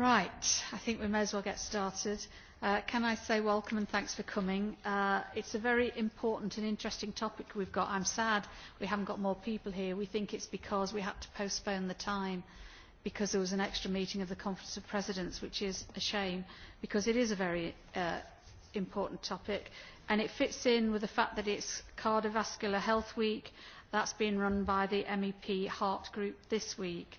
Right, I think we may as well get started. Can I say welcome and thanks for coming. It's a very important and interesting topic we've got. I'm sad we haven't got more people here. We think it's because we had to postpone the time because there was an extra meeting of the Conference of Presidents, which is a shame because it is a very important topic and it fits in with the fact that it's Cardiovascular Health Week that's been run by the MEP Heart Group this week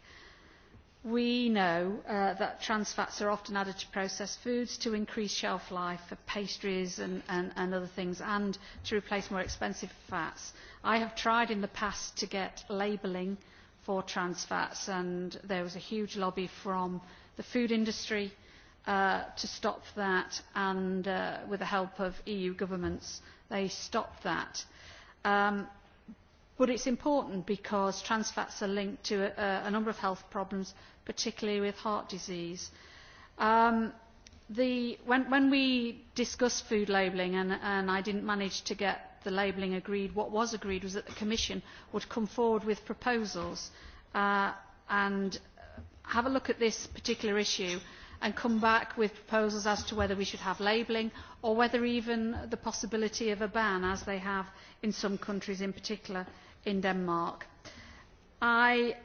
We know that trans fats are often added to processed foods to increase shelf life for pastries and other things and to replace more expensive fats. I have tried in the past to get labelling for trans fats and there was a huge lobby from the food industry to stop that and with the help of EU governments they stopped that. But it's important because trans fats are linked to a number of health problems particularly with heart disease. When we discussed food labelling, and I didn't manage to get the labelling agreed, what was agreed was that the Commission would come forward with proposals and have a look at this particular issue and come back with proposals as to whether we should have labelling or whether even the possibility of a ban, as they have in some countries, in particular in Denmark. I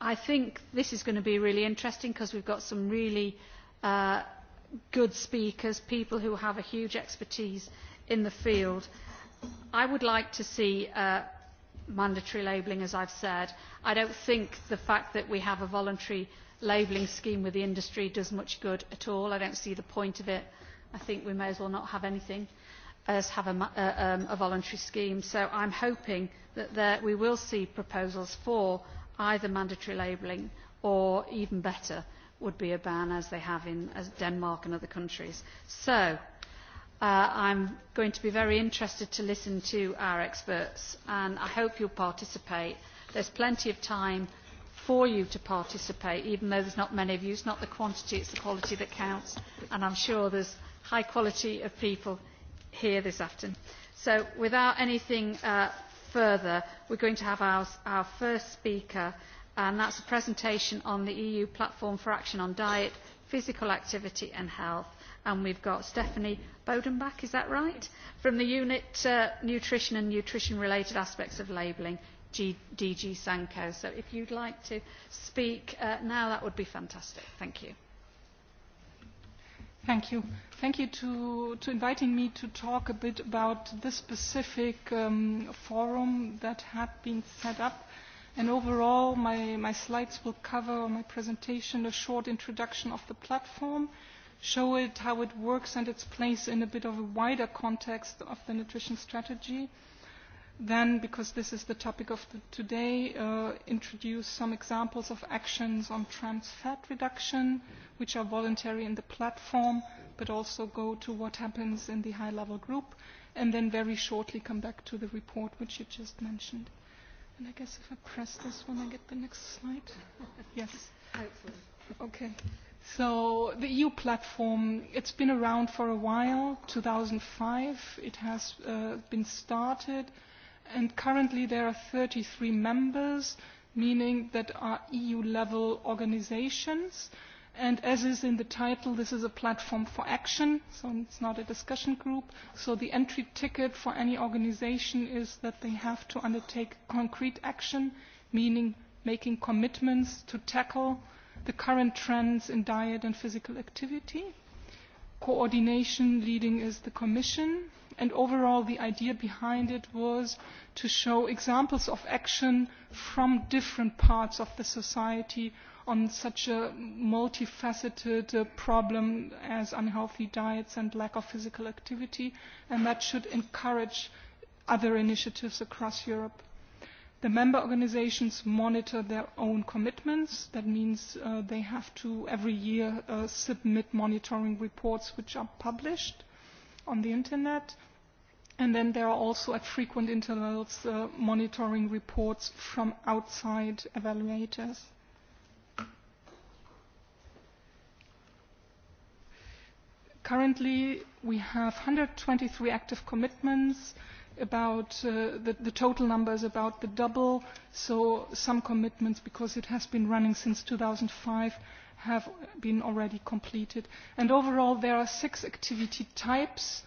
I think this is going to be really interesting because we've got some really good speakers, people who have a huge expertise in the field. I would like to see mandatory labelling, as I've said. I don't think the fact that we have a voluntary labelling scheme with the industry does much good at all. I don't see the point of it. I think we may as well not have anything as have a voluntary scheme. So I'm hoping that we will see proposals for either mandatory labelling or even better would be a ban as they have in Denmark and other countries. So I'm going to be very interested to listen to our experts and I hope you'll participate. There's plenty of time for you to participate even though there's not many of you. It's not the quantity, it's the quality that counts and I'm sure there's high quality of people here this afternoon. So without anything further, are going to have our first speaker, and that is a presentation on the EU Platform for Action on Diet, Physical Activity and Health. And we've got Stephanie Bodenbach, is that right? From the Unit Nutrition and Nutrition-Related Aspects of Labelling, DG Sanko. So if you'd like to speak now, that would be fantastic. Thank you. Thank you. Thank you to inviting me to talk a bit about this specific forum that had been set up. And overall, my slides will cover my presentation, a short introduction of the platform, show it how it works and its place in a bit of a wider context of the nutrition strategy then because this is the topic of today introduce some examples of actions on trans fat reduction which are voluntary in the platform but also go to what happens in the high level group and then very shortly come back to the report which you just mentioned. And I guess if I press this one I get the next slide. Yes. Okay. So the EU platform, it's been around for a while, 2005. It has been started and currently there are 33 members, meaning that are EU-level organisations, And as is in the title, this is a platform for action, so it's not a discussion group. So the entry ticket for any organisation is that they have to undertake concrete action, meaning making commitments to tackle the current trends in diet and physical activity. Coordination leading is the Commission and overall the idea behind it was to show examples of action from different parts of the society on such a multifaceted problem as unhealthy diets and lack of physical activity and that should encourage other initiatives across Europe. The member organisations monitor their own commitments. That means they have to every year submit monitoring reports which are published on the Internet. And then there are also at frequent intervals monitoring reports from outside evaluators. Currently, we have 123 active commitments. About the total number is about the double. So some commitments, because it has been running since 2005 have been already completed. And overall, there are six activity types.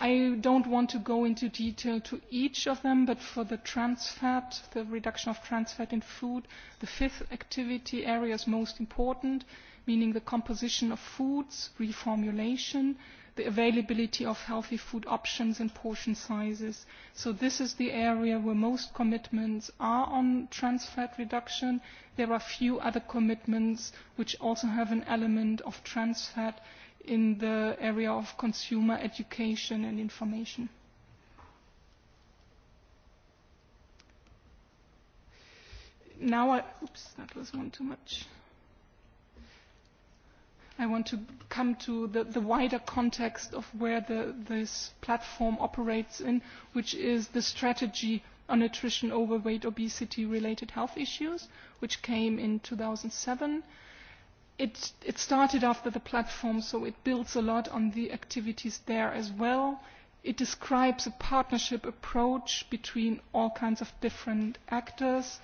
I don't want to go into detail to each of them, but for the trans fat, the reduction of trans fat in food, the fifth activity area is most important, meaning the composition of foods, reformulation, the availability of healthy food options and portion sizes. So this is the area where most commitments are on trans fat reduction. There are few other commitments which also have an element of trans fat in the area of consumer education and information. Now I oops that was one too much. I want to come to the wider context of where this platform operates in, which is the strategy on nutrition, overweight, obesity-related health issues, which came in 2007. It started after the platform, so it builds a lot on the activities there as well. It describes a partnership approach between all kinds of different actors.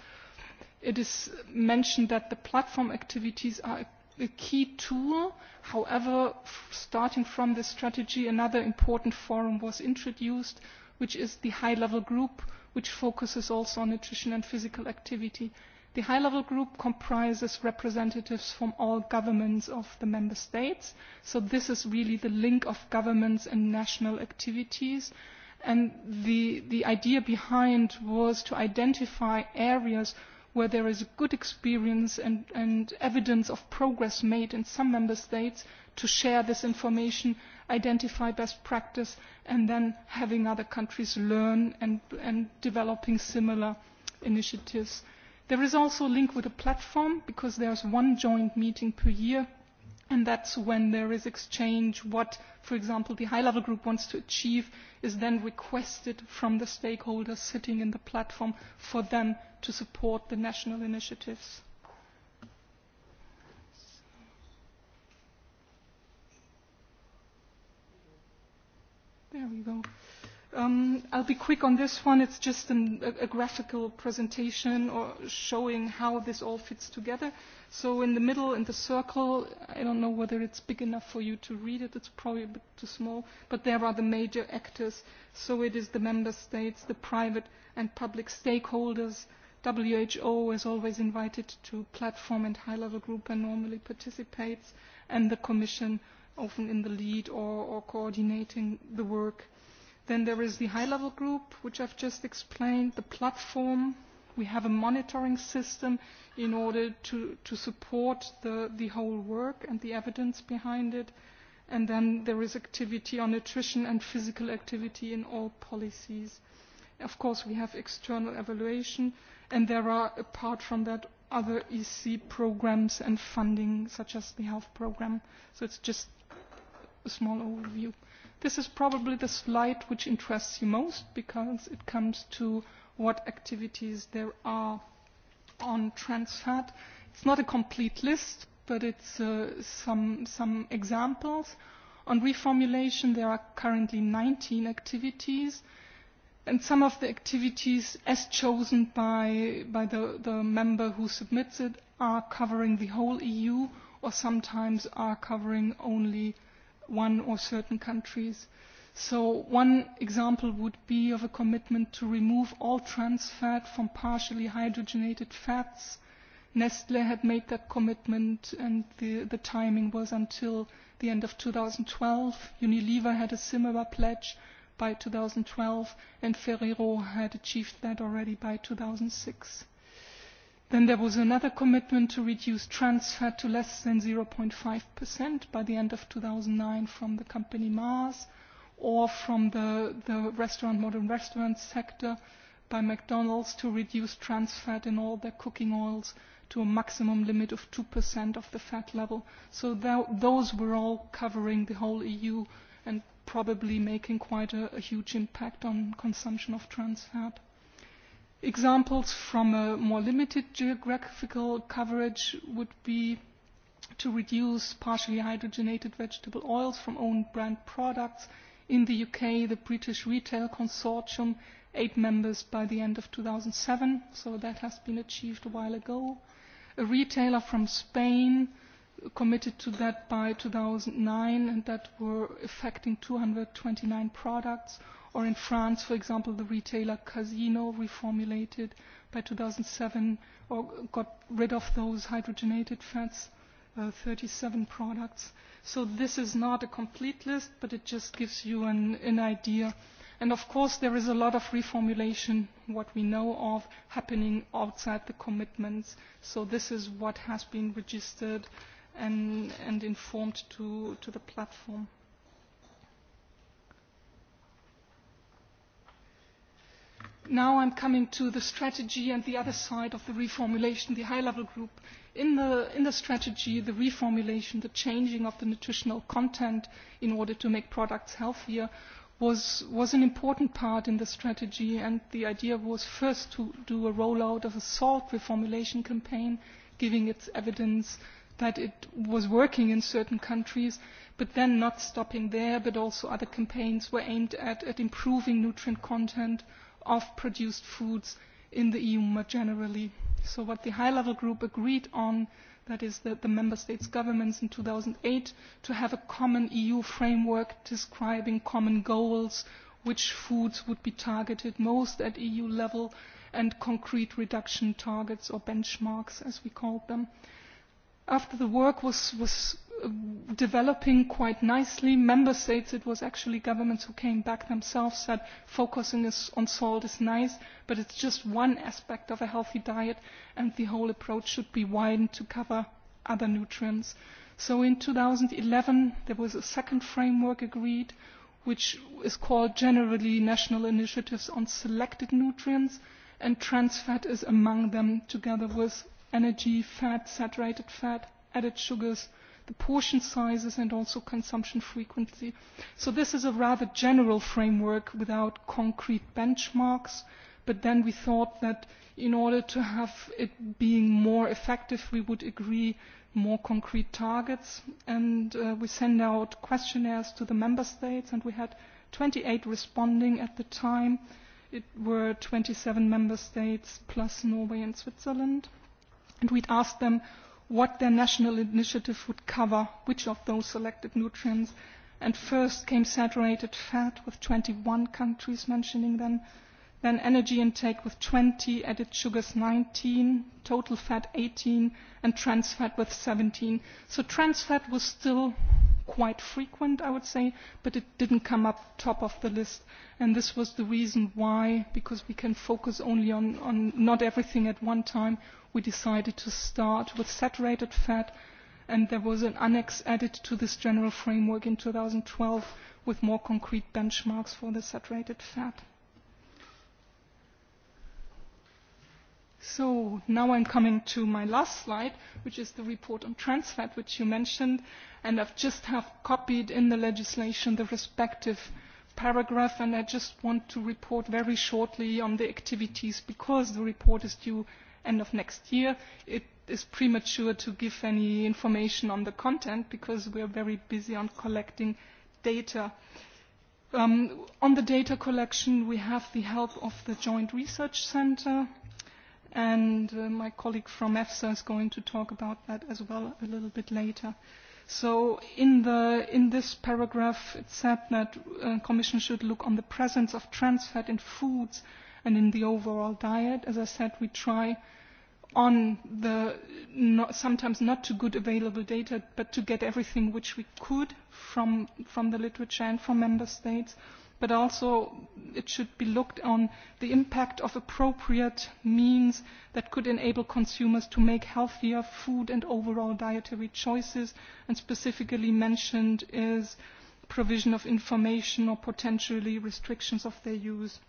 It is mentioned that the platform activities are a key tool. However, starting from this strategy, another important forum was introduced, which is the high-level group, which focuses also on nutrition and physical activity. The high-level group comprises representatives from all governments of the member states, so this is really the link of governments and national activities. And the idea behind was to identify areas where there is good experience and evidence of progress made in some member states to share this information identify best practice and then having other countries learn and developing similar initiatives. there is also a link with a platform because there is one joint meeting per year and that's when there is exchange what for example the high level group wants to achieve is then requested from the stakeholders sitting in the platform for them to support the national initiatives there we go I'll be quick on this one. It's just a graphical presentation or showing how this all fits together. So in the middle, in the circle, I don't know whether it's big enough for you to read it. It's probably a bit too small. But there are the major actors. So it is the member states, the private and public stakeholders. WHO is always invited to platform and high-level group and normally participates. And the Commission, often in the lead or coordinating the work Then there is the high-level group, which I've just explained, the platform. We have a monitoring system in order to support the whole work and the evidence behind it. And then there is activity on nutrition and physical activity in all policies. Of course, we have external evaluation, and there are, apart from that, other EC programs and funding, such as the health program. So it's just a small overview. This is probably the slide which interests you most because it comes to what activities there are on Transfat. It's not a complete list, but it's some examples. On reformulation, there are currently 19 activities, and some of the activities, as chosen by the member who submits it, are covering the whole EU or sometimes are covering only one or certain countries. So one example would be of a commitment to remove all trans fat from partially hydrogenated fats. Nestle had made that commitment and the timing was until the end of 2012. Unilever had a similar pledge by 2012 and Ferrero had achieved that already by 2006. Then there was another commitment to reduce transfer to less than 0.5% by the end of 2009 from the company Mars or from the restaurant, modern restaurant sector by McDonald's to reduce trans fat in all their cooking oils to a maximum limit of 2% of the fat level. So those were all covering the whole EU and probably making quite a huge impact on consumption of trans fat. Examples from a more limited geographical coverage would be to reduce partially hydrogenated vegetable oils from own brand products. In the UK, the British Retail Consortium, eight members by the end of two thousand seven, so that has been achieved a while ago. A retailer from Spain committed to that by two 2009, and that were affecting two hundred twenty nine products or in France, for example, the retailer Casino reformulated by 2007 or got rid of those hydrogenated fats, 37 products. So this is not a complete list, but it just gives you an idea. And of course there is a lot of reformulation, what we know of, happening outside the commitments. So this is what has been registered and informed to the platform. now I'm coming to the strategy and the other side of the reformulation, the high-level group. In the strategy, the reformulation, the changing of the nutritional content in order to make products healthier was an important part in the strategy and the idea was first to do a roll out of a salt reformulation campaign, giving its evidence that it was working in certain countries, but then not stopping there, but also other campaigns were aimed at improving nutrient content of produced foods in the eu more generally. so what the high level group agreed on that is that the member states' governments in two thousand eight to have a common eu framework describing common goals which foods would be targeted most at eu level and concrete reduction targets or benchmarks as we called them after the work was developing quite nicely member states it was actually governments who came back themselves said focusing on salt is nice but it's just one aspect of a healthy diet and the whole approach should be widened to cover other nutrients so in 2011 there was a second framework agreed which is called generally national initiatives on selected nutrients and trans fat is among them together with energy, fat, saturated fat, added sugars, the portion sizes and also consumption frequency. So this is a rather general framework without concrete benchmarks, but then we thought that in order to have it being more effective, we would agree more concrete targets, and we send out questionnaires to the member states, and we had 28 responding at the time. It were 27 member states plus Norway and Switzerland and we'd asked them what their national initiative would cover, which of those selected nutrients. And first came saturated fat with 21 countries mentioning them, then energy intake with 20, added sugars 19, total fat 18, and trans fat with 17. So trans fat was still quite frequent, I would say, but it didn't come up top of the list. And this was the reason why, because we can focus only on not everything at one time, we decided to start with saturated fat and there was an annex added to this general framework in 2012 with more concrete benchmarks for the saturated fat. So now I'm coming to my last slide, which is the report on trans fat, which you mentioned, and I've just have copied in the legislation the respective paragraph, and I just want to report very shortly on the activities because the report is due end of next year. It is premature to give any information on the content because we are very busy on collecting data. On the data collection, we have the help of the Joint Research Centre, and my colleague from EFSA is going to talk about that as well a little bit later. So in this paragraph, it said that the Commission should look on the presence of trans fat in foods and in the overall diet. As I said, we try on the sometimes not too good available data, but to get everything which we could from the literature and from member states. But also it should be looked on the impact of appropriate means that could enable consumers to make healthier food and overall dietary choices. And specifically mentioned is provision of information or potentially restrictions of their use.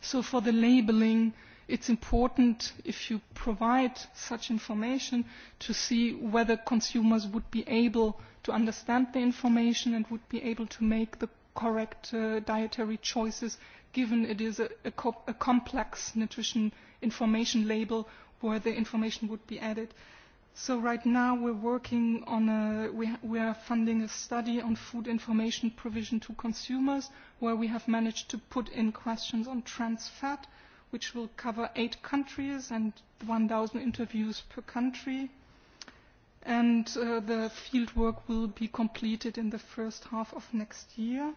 So for the labelling It is important if you provide such information to see whether consumers would be able to understand the information and would be able to make the correct dietary choices given it is a complex nutrition information label where the information would be added. So right now we're working on a, we are funding a study on food information provision to consumers where we have managed to put in questions on trans fat which will cover eight countries and 1,000 interviews per country. And the fieldwork will be completed in the first half of next year.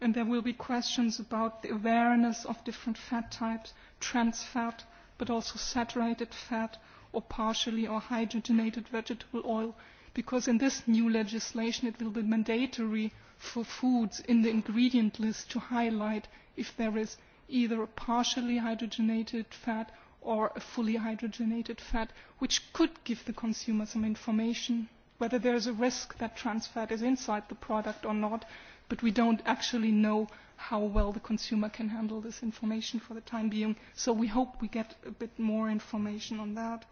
And there will be questions about the awareness of different fat types, trans fat, but also saturated fat or partially or hydrogenated vegetable oil, because in this new legislation it will be mandatory for foods in the ingredient list to highlight if there is either a partially hydrogenated fat or a fully hydrogenated fat, which could give the consumer some information whether there is a risk that trans fat is inside the product or not, but we don't actually know how well the consumer can handle this information for the time being, so we hope we get a bit more information on that.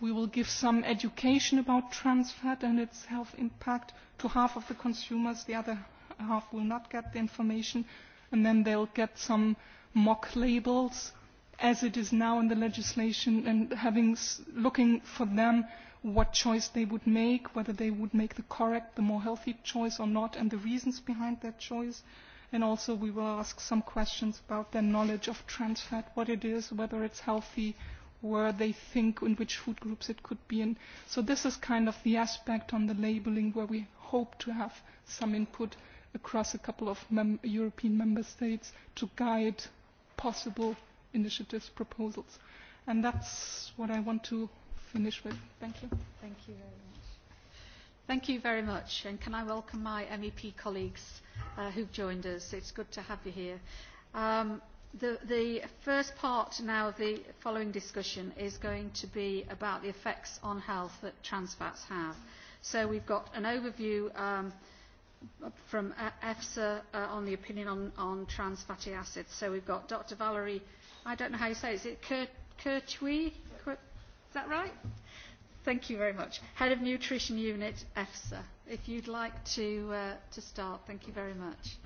We will give some education about trans fat and its health impact to half of the consumers, the other half will not get the information, and then they will get some mock labels as it is now in the legislation and looking for them what choice they would make whether they would make the correct the more healthy choice or not and the reasons behind that choice and also we will ask some questions about their knowledge of trans fat what it is whether it's healthy where they think in which food groups it could be in so this is kind of the aspect on the labelling where we hope to have some input across a couple of European member states to guide possible initiatives, proposals. And that's what I want to finish with. Thank you. Thank you very much. Thank you very much. And can I welcome my MEP colleagues who've joined us. It's good to have you here. The first part now of the following discussion is going to be about the effects on health that trans fats have. So we've got an overview from EFSA on the opinion on trans fatty acids. So we've got Dr. Valerie, I don't know how you say it, is it Kirchwee? Is that right? Thank you very much. Head of Nutrition Unit, EFSA. If you'd like to, to start, thank you very much.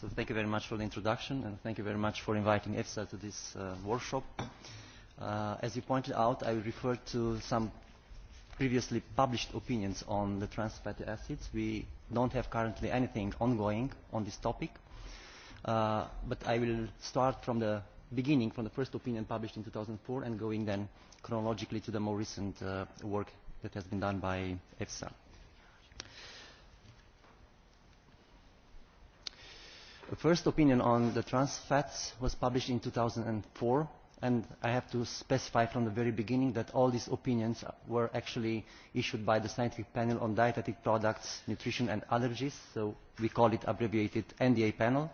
So thank you very much for the introduction and thank you very much for inviting EFSA to this workshop. as you pointed out, I referred to some previously published opinions on the trans fatty acids. We don't have currently anything ongoing on this topic, but I will start from the beginning, from the first opinion published in 2004 and going then chronologically to the more recent work that has been done by EFSA. The first opinion on the trans fats was published in 2004 and I have to specify from the very beginning that all these opinions were actually issued by the scientific panel on dietetic products, nutrition and allergies, so we call it abbreviated NDA panel.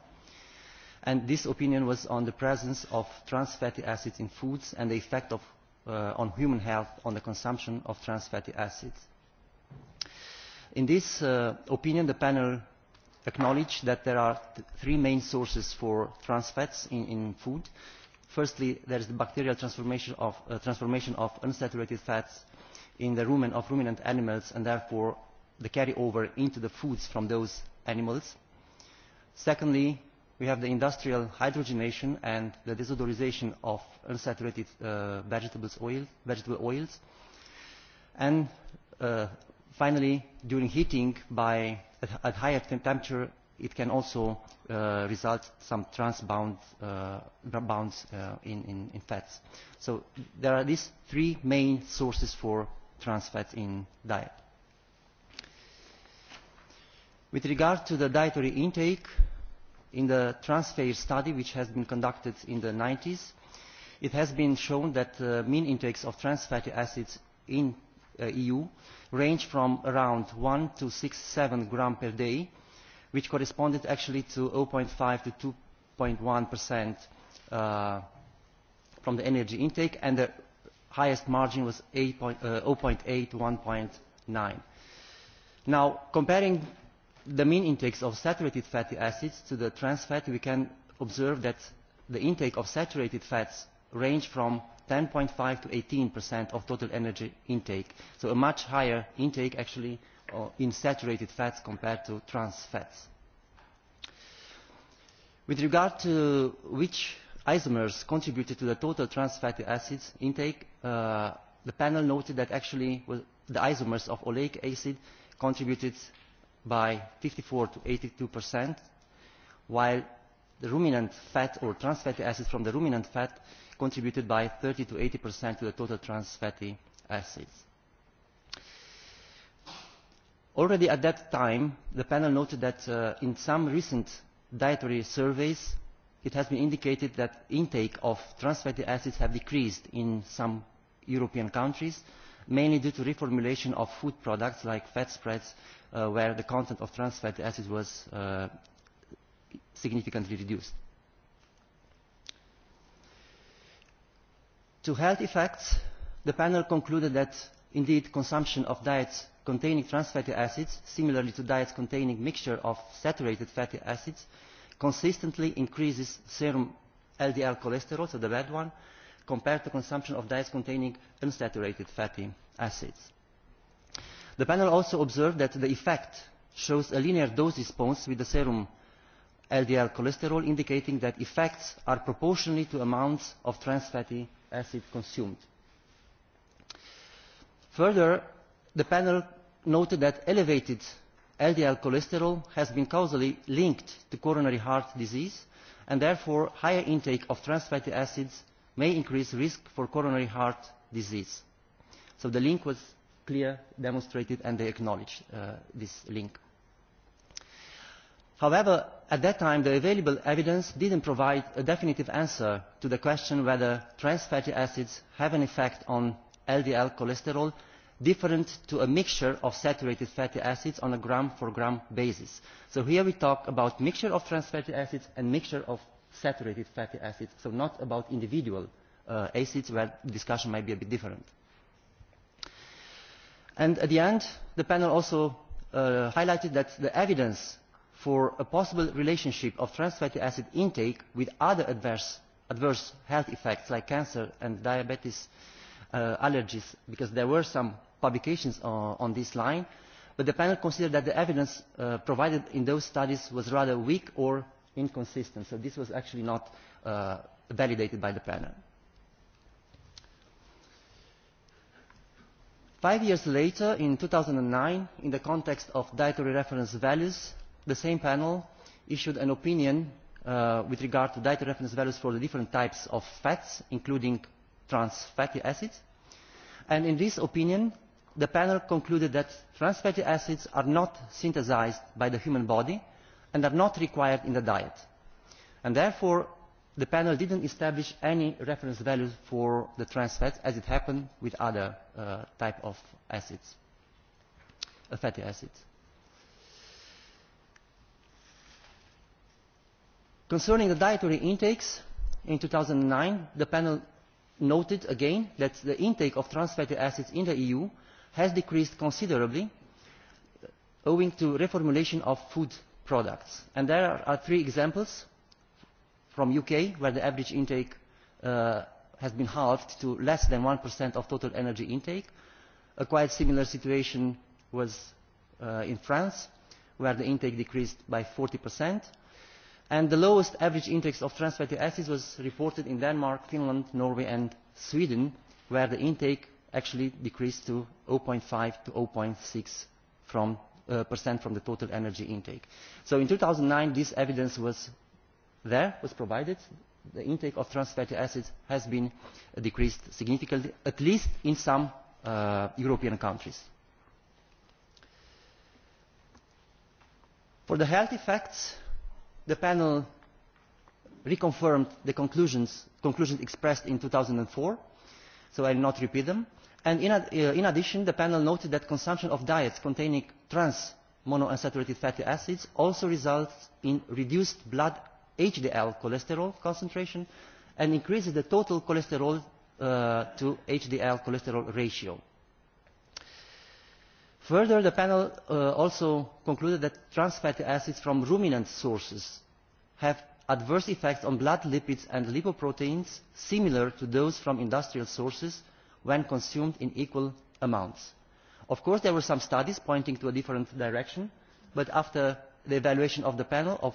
And this opinion was on the presence of trans fatty acids in foods and the effect of, on human health on the consumption of trans fatty acids. In this opinion, the panel acknowledged that there are three main sources for trans fats in food Firstly, there is the bacterial transformation of unsaturated fats in the rumen of ruminant animals and therefore the carryover into the foods from those animals. Secondly, we have the industrial hydrogenation and the desodorization of unsaturated vegetable oils. And finally, during heating by at higher temperature it can also result some trans bounds in fats. So there are these three main sources for trans fats in diet. With regard to the dietary intake, in the transfer study which has been conducted in the 90s, it has been shown that the mean intakes of trans fatty acids in EU range from around 1 to six seven grams per day which corresponded actually to 0.5 to 2.1% from the energy intake, and the highest margin was 0.8 to 1.9. Now, comparing the mean intakes of saturated fatty acids to the trans fat, we can observe that the intake of saturated fats range from 10.5 to 18% of total energy intake, so a much higher intake actually in saturated fats compared to trans fats. With regard to which isomers contributed to the total trans fatty acids intake, the panel noted that actually the isomers of oleic acid contributed by 54 to 82%, while the ruminant fat or trans fatty acids from the ruminant fat contributed by 30 to 80% to the total trans fatty acids. Already at that time, the panel noted that in some recent dietary surveys, it has been indicated that intake of trans fatty acids have decreased in some European countries, mainly due to reformulation of food products like fat spreads, where the content of trans fatty acids was significantly reduced. To health effects, the panel concluded that, indeed, consumption of diets containing trans fatty acids, similarly to diets containing mixture of saturated fatty acids, consistently increases serum LDL cholesterol, so the bad one, compared to consumption of diets containing unsaturated fatty acids. The panel also observed that the effect shows a linear dose response with the serum LDL cholesterol, indicating that effects are proportionally to amounts of trans fatty acid consumed. Further, the panel noted that elevated LDL cholesterol has been causally linked to coronary heart disease and therefore higher intake of trans fatty acids may increase risk for coronary heart disease. So the link was clear, demonstrated and they acknowledged this link. However, at that time the available evidence didn't provide a definitive answer to the question whether trans fatty acids have an effect on LDL cholesterol different to a mixture of saturated fatty acids on a gram for gram basis. So here we talk about mixture of trans fatty acids and mixture of saturated fatty acids, so not about individual acids where the discussion might be a bit different. And at the end, the panel also highlighted that the evidence for a possible relationship of trans fatty acid intake with other adverse health effects like cancer and diabetes allergies, because there were some publications on this line, but the panel considered that the evidence provided in those studies was rather weak or inconsistent, so this was actually not validated by the panel. Five years later, in 2009, in the context of dietary reference values, the same panel issued an opinion with regard to dietary reference values for the different types of fats, including trans fatty acids and in this opinion the panel concluded that trans fatty acids are not synthesized by the human body and are not required in the diet and therefore the panel didn't establish any reference values for the trans fats as it happened with other type of acids fatty acids. Concerning the dietary intakes, in 2009 the panel noted again that the intake of trans fatty acids in the EU has decreased considerably owing to reformulation of food products. And there are three examples from the UK where the average intake has been halved to less than 1% of total energy intake. A quite similar situation was in France where the intake decreased by 40% and the lowest average index of trans fatty acids was reported in Denmark, Finland, Norway and Sweden, where the intake actually decreased to 0.5 to 0.6 from percent from the total energy intake. So in 2009 this evidence was there, was provided. The intake of trans fatty acids has been decreased significantly, at least in some European countries. For the health effects the panel reconfirmed the conclusions expressed in 2004, so I will not repeat them. And in addition, the panel noted that consumption of diets containing trans monounsaturated fatty acids also results in reduced blood HDL cholesterol concentration and increases the total cholesterol to HDL cholesterol ratio. Further, the panel also concluded that trans fatty acids from ruminant sources have adverse effects on blood lipids and lipoproteins similar to those from industrial sources when consumed in equal amounts. Of course, there were some studies pointing to a different direction, but after the evaluation of the panel of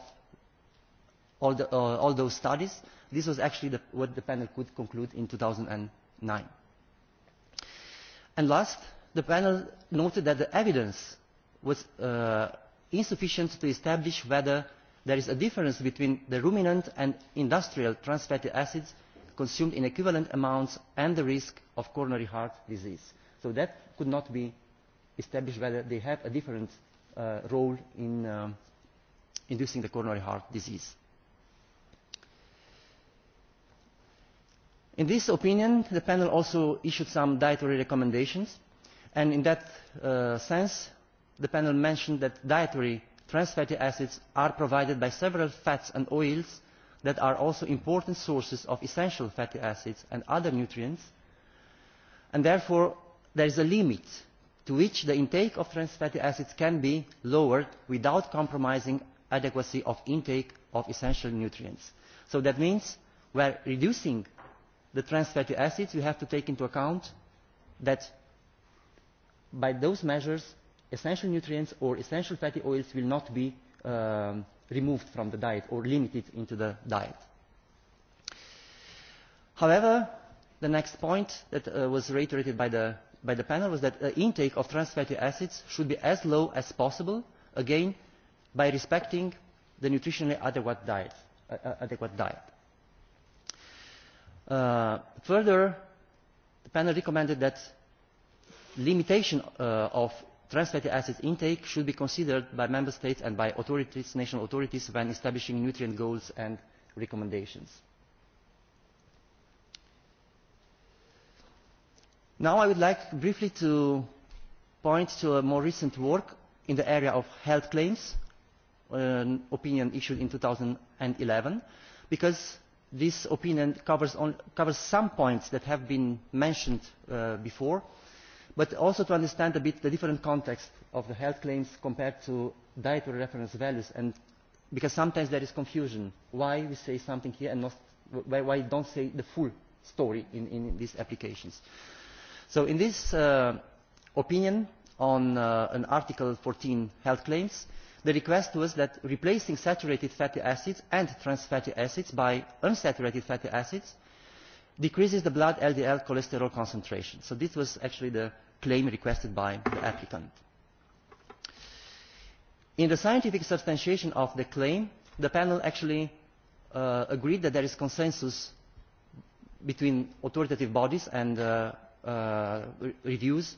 all those studies, this was actually what the panel could conclude in 2009. And last, the panel noted that the evidence was insufficient to establish whether there is a difference between the ruminant and industrial trans fatty acids consumed in equivalent amounts and the risk of coronary heart disease. So that could not be established whether they have a different role in inducing the coronary heart disease. In this opinion, the panel also issued some dietary recommendations in that sense the panel mentioned that dietary trans fatty acids are provided by several fats and oils that are also important sources of essential fatty acids and other nutrients and therefore there is a limit to which the intake of trans fatty acids can be lowered without compromising adequacy of intake of essential nutrients. So that means when reducing the trans fatty acids we have to take into account that by those measures essential nutrients or essential fatty oils will not be removed from the diet or limited into the diet. However, the next point that was reiterated by the by the panel was that the intake of trans fatty acids should be as low as possible, again by respecting the nutritionally adequate diet. Adequate diet. Further, the panel recommended that limitation of trans fatty acid intake should be considered by member states and by authorities national authorities when establishing nutrient goals and recommendations. now i would like briefly to point to a more recent work in the area of health claims an opinion issued in 2011 because this opinion covers some points that have been mentioned before but also to understand a bit the different context of the health claims compared to dietary reference values, and because sometimes there is confusion why we say something here and not why we don't say the full story in these applications. So in this opinion on an Article 14 health claims, the request was that replacing saturated fatty acids and trans fatty acids by unsaturated fatty acids decreases the blood LDL cholesterol concentration. So this was actually the claim requested by the applicant. In the scientific substantiation of the claim, the panel actually agreed that there is consensus between authoritative bodies and reviews,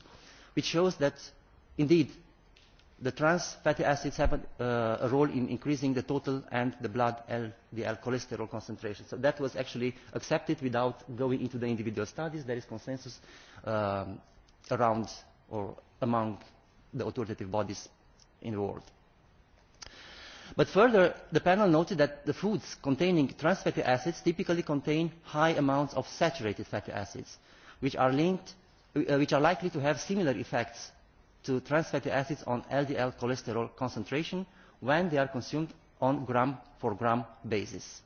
which shows that, indeed, The trans fatty acids have a role in increasing the total and the blood LDL cholesterol concentration. So that was actually accepted without going into the individual studies. There is consensus around or among the authoritative bodies in the world. But further, the panel noted that the foods containing trans fatty acids typically contain high amounts of saturated fatty acids, which are linked, which are likely to have similar effects to trans fatty acids on LDL cholesterol concentration when they are consumed on gram for gram basis.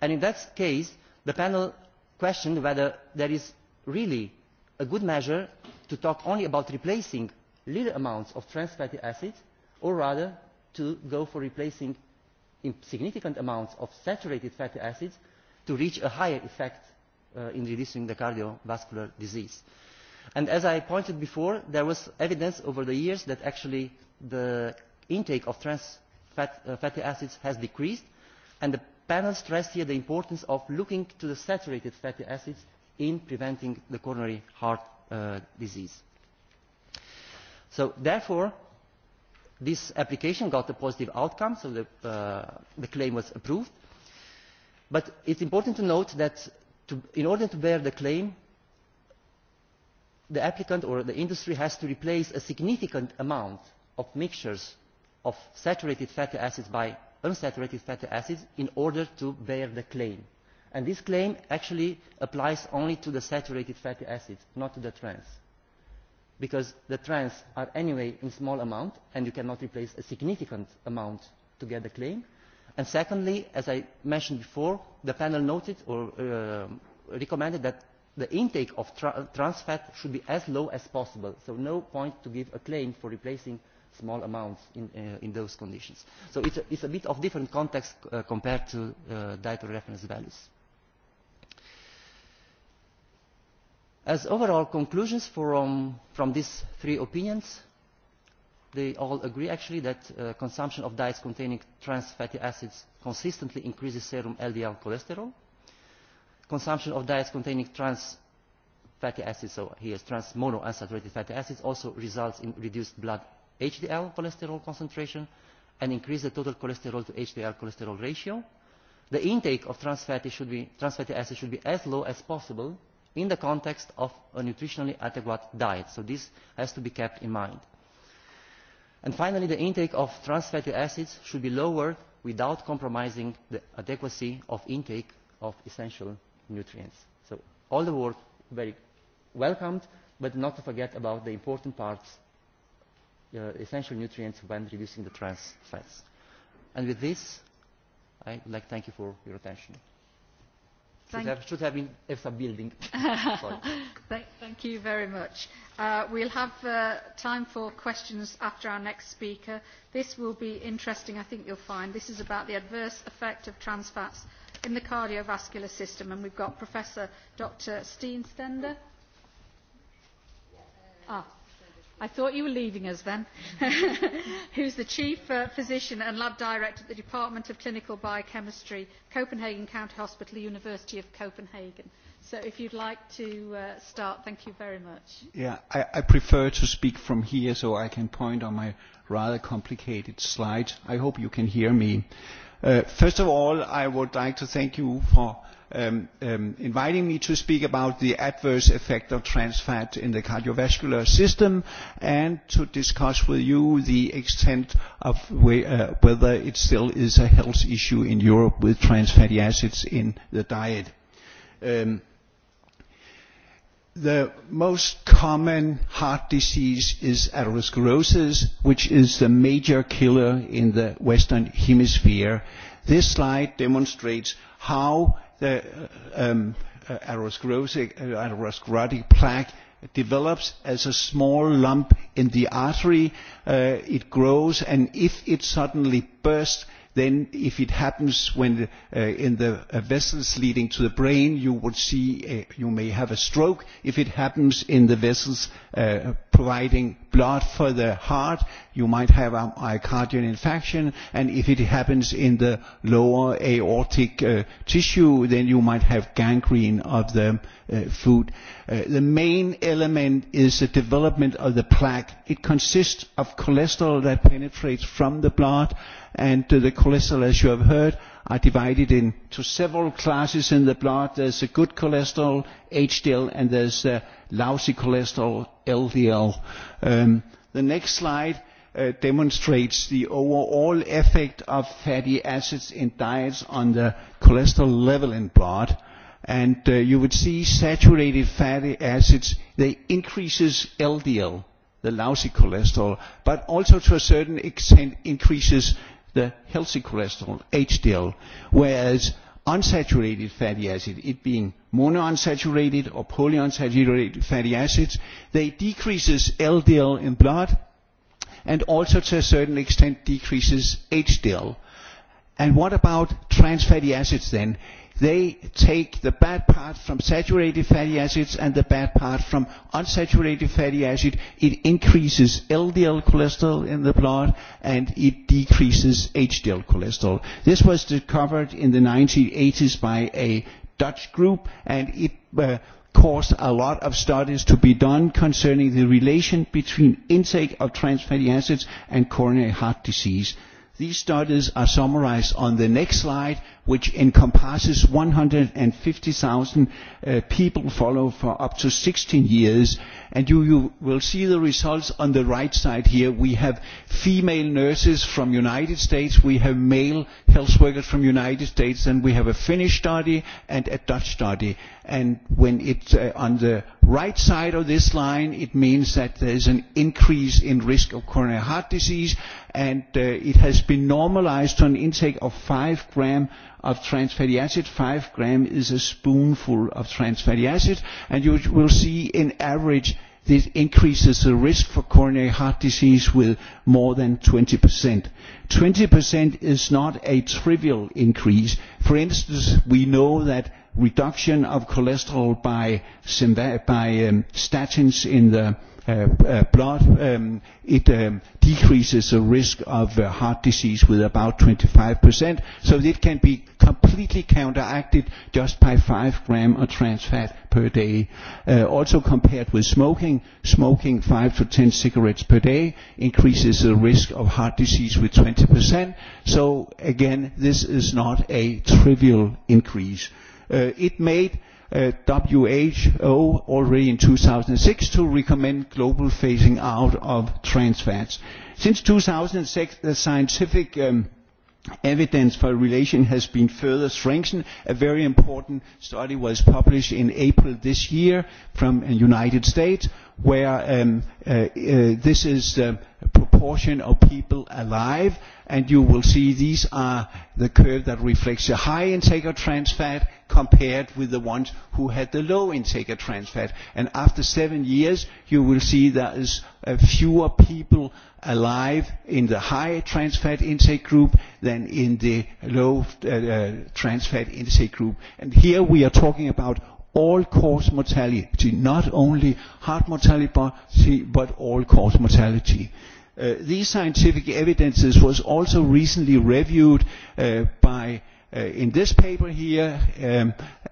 And in that case, the panel questioned whether there is really a good measure to talk only about replacing little amounts of trans fatty acids or rather to go for replacing significant amounts of saturated fatty acids to reach a higher effect in reducing the cardiovascular disease. And as I pointed before, there was evidence over the years that actually the intake of trans fatty acids has decreased, and the panel stressed here the importance of looking to the saturated fatty acids in preventing the coronary heart disease. So therefore, this application got a positive outcome, so the claim was approved. But it's important to note that in order to bear the claim, the applicant or the industry has to replace a significant amount of mixtures of saturated fatty acids by unsaturated fatty acids in order to bear the claim. And this claim actually applies only to the saturated fatty acids, not to the trans. Because the trans are anyway in small amount and you cannot replace a significant amount to get the claim. And secondly, as I mentioned before, the panel noted or recommended that the intake of trans fat should be as low as possible. So no point to give a claim for replacing small amounts in those conditions. So it's a bit of different context compared to dietary reference values. As overall conclusions from these three opinions, they all agree actually that consumption of diets containing trans fatty acids consistently increases serum LDL cholesterol consumption of diets containing trans fatty acids, so here trans monounsaturated fatty acids, also results in reduced blood HDL cholesterol concentration and increase the total cholesterol to HDL cholesterol ratio. The intake of trans fatty acids should be as low as possible in the context of a nutritionally adequate diet. So this has to be kept in mind. And finally, the intake of trans fatty acids should be lowered without compromising the adequacy of intake of essential nutrients. So all the work very welcomed, but not to forget about the important parts, essential nutrients when reducing the trans fats. And with this, I would like to thank you for your attention. Should have been EFSA building. Thank you very much. We'll have time for questions after our next speaker. This will be interesting, I think you'll find. This is about the adverse effect of trans fats in the cardiovascular system. And we've got Professor Dr. Steenstender. Ah, I thought you were leaving us then. Who's the Chief Physician and Lab Director at the Department of Clinical Biochemistry, Copenhagen County Hospital, University of Copenhagen. So if you'd like to start, thank you very much. Yeah, I prefer to speak from here so I can point on my rather complicated slide. I hope you can hear me. First of all, I would like to thank you for inviting me to speak about the adverse effect of trans fat in the cardiovascular system and to discuss with you the extent of whether it still is a health issue in Europe with trans fatty acids in the diet. The most common heart disease is atherosclerosis, which is the major killer in the Western Hemisphere. This slide demonstrates how the atherosclerotic plaque develops as a small lump in the artery. It grows, and if it suddenly bursts, then if it happens when in the vessels leading to the brain you would see you may have a stroke if it happens in the vessels providing blood for the heart you might have a myocardial infarction and if it happens in the lower aortic tissue then you might have gangrene of the food. the main element is the development of the plaque it consists of cholesterol that penetrates from the blood and the cholesterol, as you have heard, are divided into several classes in the blood. There's a good cholesterol, HDL, and there's a lousy cholesterol, LDL. The next slide demonstrates the overall effect of fatty acids in diets on the cholesterol level in blood. And you would see saturated fatty acids, they increases LDL, the lousy cholesterol, but also to a certain extent increases the healthy cholesterol, HDL, whereas unsaturated fatty acid, it being monounsaturated or polyunsaturated fatty acids, they decreases LDL in blood and also to a certain extent decreases HDL. And what about trans fatty acids then? They take the bad part from saturated fatty acids and the bad part from unsaturated fatty acid. It increases LDL cholesterol in the blood and it decreases HDL cholesterol. This was discovered in the 1980s by a Dutch group and it caused a lot of studies to be done concerning the relation between intake of trans fatty acids and coronary heart disease. These studies are summarized on the next slide which encompasses 150,000 people follow for up to 16 years. And you will see the results on the right side here. We have female nurses from United States, we have male health workers from United States, and we have a Finnish study and a Dutch study. And when it's on the right side of this line, it means that there is an increase in risk of coronary heart disease, and it has been normalized to an intake of 5 gram of trans fatty acid. five gram is a spoonful of trans fatty acid. And you will see in average this increases the risk for coronary heart disease with more than 20%. 20% is not a trivial increase. For instance, we know that reduction of cholesterol by statins in the blood, it decreases the risk of heart disease with about 25%. So it can be completely counteracted just by 5 grams of trans fat per day. Also compared with smoking, smoking 5 to 10 cigarettes per day increases the risk of heart disease with 20%. So again, this is not a trivial increase. It made WHO already in 2006 to recommend global phasing out of trans fats. Since 2006, the scientific evidence for relation has been further strengthened. A very important study was published in April this year from the United States where this is the proportion of people alive, and you will see these are the curve that reflects the high intake of trans fat compared with the ones who had the low intake of trans fat. And after seven years, you will see there is fewer people alive in the high trans fat intake group than in the low trans fat intake group. And here we are talking about all-cause mortality, not only heart mortality, but all-cause mortality. These scientific evidences was also recently reviewed by in this paper here,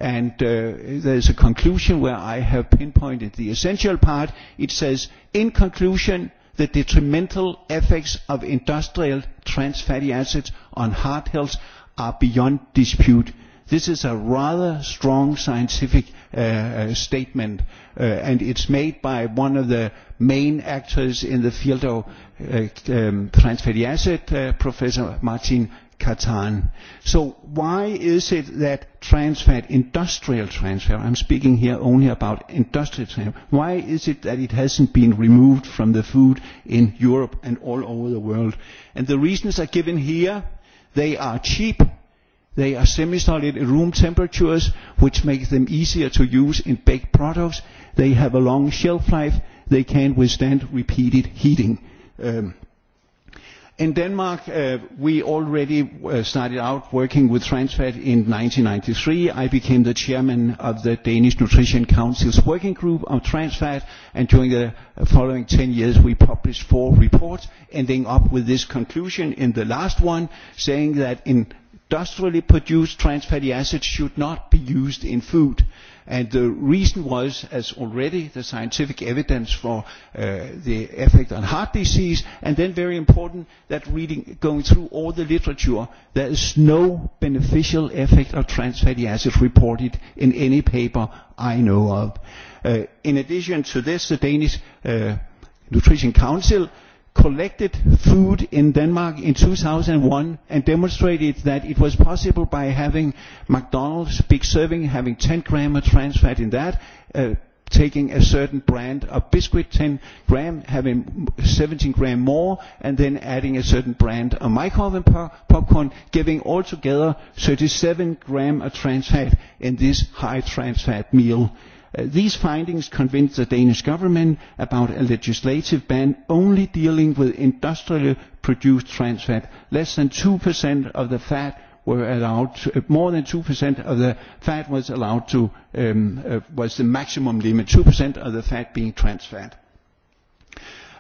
and there is a conclusion where I have pinpointed the essential part. It says, in conclusion, the detrimental effects of industrial trans fatty acids on heart health are beyond dispute This is a rather strong scientific statement, and it's made by one of the main actors in the field of trans fatty acid, Professor Martin Katan. So why is it that trans fat, industrial trans fat, I'm speaking here only about industrial trans why is it that it hasn't been removed from the food in Europe and all over the world? And the reasons are given here. They are cheap They are semi-solid at room temperatures, which makes them easier to use in baked products. They have a long shelf life. They can withstand repeated heating. In Denmark, we already started out working with trans fat in 1993. I became the chairman of the Danish Nutrition Council's working group on trans fat, and during the following 10 years, we published four reports, ending up with this conclusion in the last one, saying that in industrially produced trans fatty acids should not be used in food. And the reason was, as already the scientific evidence for the effect on heart disease, and then very important that reading, going through all the literature, there is no beneficial effect of trans fatty acids reported in any paper I know of. In addition to this, the Danish Nutrition Council collected food in Denmark in two 2001 and demonstrated that it was possible by having McDonald's big serving, having ten grams of trans fat in that, taking a certain brand of biscuit, ten gram, having seventeen gram more, and then adding a certain brand of microwave popcorn, giving altogether thirty seven gram of trans fat in this high trans fat meal These findings convinced the Danish government about a legislative ban only dealing with industrially produced trans fat. Less than 2% of the fat were allowed, more than 2% of the fat was allowed to, was the maximum limit, 2% of the fat being trans fat.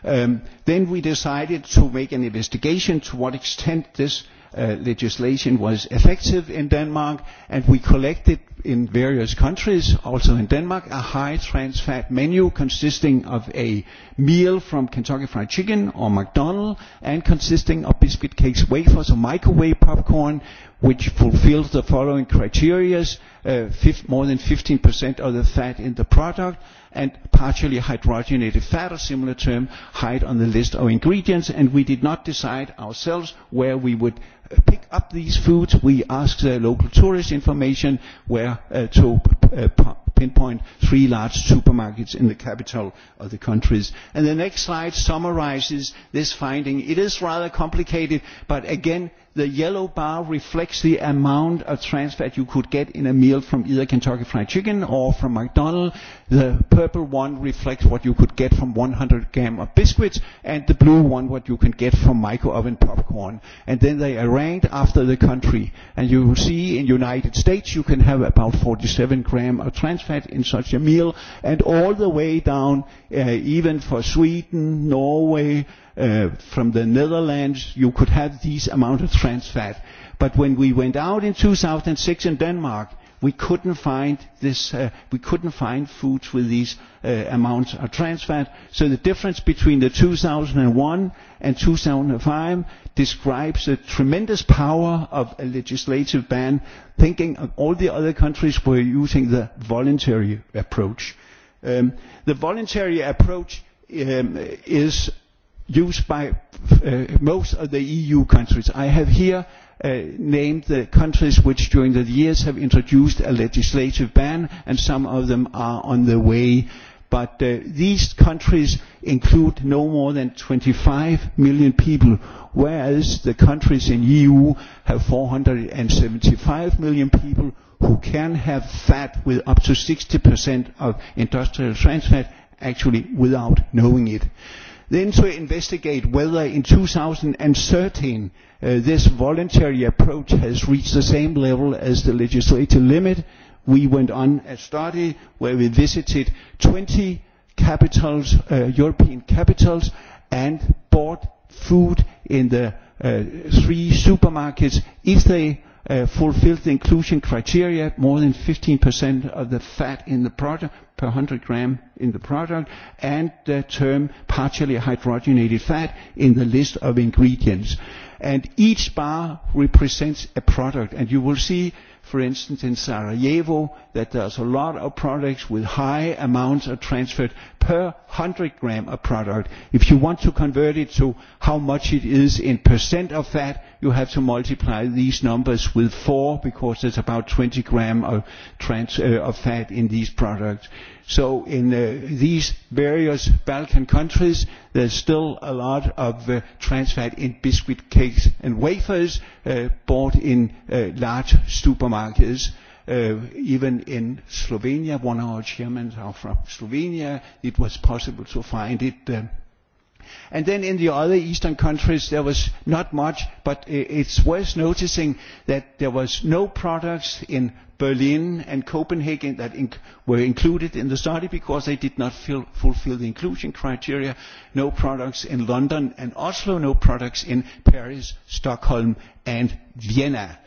Then we decided to make an investigation to what extent this legislation was effective in Denmark, and we collected in various countries, also in Denmark, a high trans fat menu consisting of a meal from Kentucky Fried Chicken or McDonald's and consisting of biscuit cakes, wafers, or microwave popcorn which fulfills the following criteria more than 15% of the fat in the product and partially hydrogenated fat, a similar term, hide on the list of ingredients. And we did not decide ourselves where we would pick up these foods. We asked the local tourist information where to pinpoint three large supermarkets in the capital of the countries. And the next slide summarizes this finding. It is rather complicated, but again, the yellow bar reflects the amount of trans fat you could get in a meal from either Kentucky Fried Chicken or from McDonald's. The purple one reflects what you could get from 100 gram of biscuits, and the blue one what you can get from micro-oven popcorn. And then they are ranked after the country. And you see in United States you can have about 47 gram of trans fat in such a meal, and all the way down, even for Sweden, Norway, from the Netherlands, you could have these amount of trans fat. But when we went out in 2006 in Denmark, we couldn't find this we couldn't find foods with these amounts of trans fat so the difference between the 2001 and 2005 describes the tremendous power of a legislative ban thinking of all the other countries were using the voluntary approach the voluntary approach is used by most of the eu countries i have here named the countries which during the years have introduced a legislative ban and some of them are on the way. But these countries include no more than 25 million people, whereas the countries in EU have 475 million people who can have fat with up to 60% of industrial trans fat actually without knowing it then to investigate whether in 2013 this voluntary approach has reached the same level as the legislative limit. We went on a study where we visited 20 European capitals, and bought food in the three supermarkets if they fulfilled the inclusion criteria, more than 15% of the fat in the product per 100 gram in the product, and the term partially hydrogenated fat in the list of ingredients. And each bar represents a product, and you will see, for instance, in Sarajevo, that there are a lot of products with high amounts of transferred per 100 gram of product. If you want to convert it to how much it is in percent of fat, you have to multiply these numbers with four because there's about 20 grams of fat in these products. So in these various Balkan countries, there's still a lot of trans fat in biscuit cakes and wafers bought in large supermarkets. Even in Slovenia, one of our chairmen is from Slovenia, it was possible to find it And then in the other eastern countries there was not much, but it's worth noticing that there was no products in Berlin and Copenhagen that were included in the study because they did not fulfil the inclusion criteria. No products in London and Oslo, no products in Paris, Stockholm and Vienna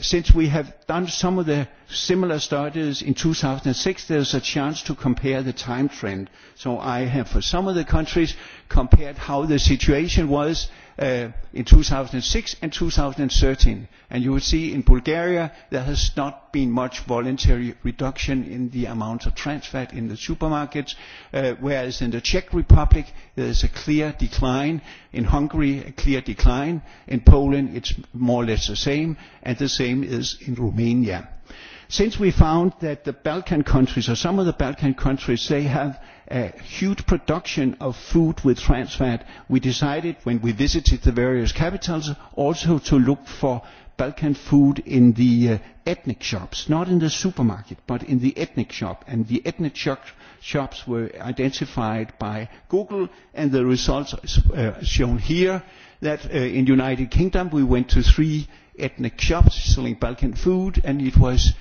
Since we have done some of the similar studies in 2006, there is a chance to compare the time trend. So I have, for some of the countries, compared how the situation was in 2006 and 2013. And you will see in Bulgaria there has not been much voluntary reduction in the amount of trans fat in the supermarkets, whereas in the Czech Republic there is a clear decline, in Hungary a clear decline, in Poland it's more or less the same, and the same is in Romania. Since we found that the Balkan countries, or some of the Balkan countries, they have a huge production of food with trans fat, we decided when we visited the various capitals also to look for Balkan food in the ethnic shops, not in the supermarket, but in the ethnic shop. And the ethnic shops were identified by Google, and the results are shown here that in the United Kingdom we went to three ethnic shops selling Balkan food, and it was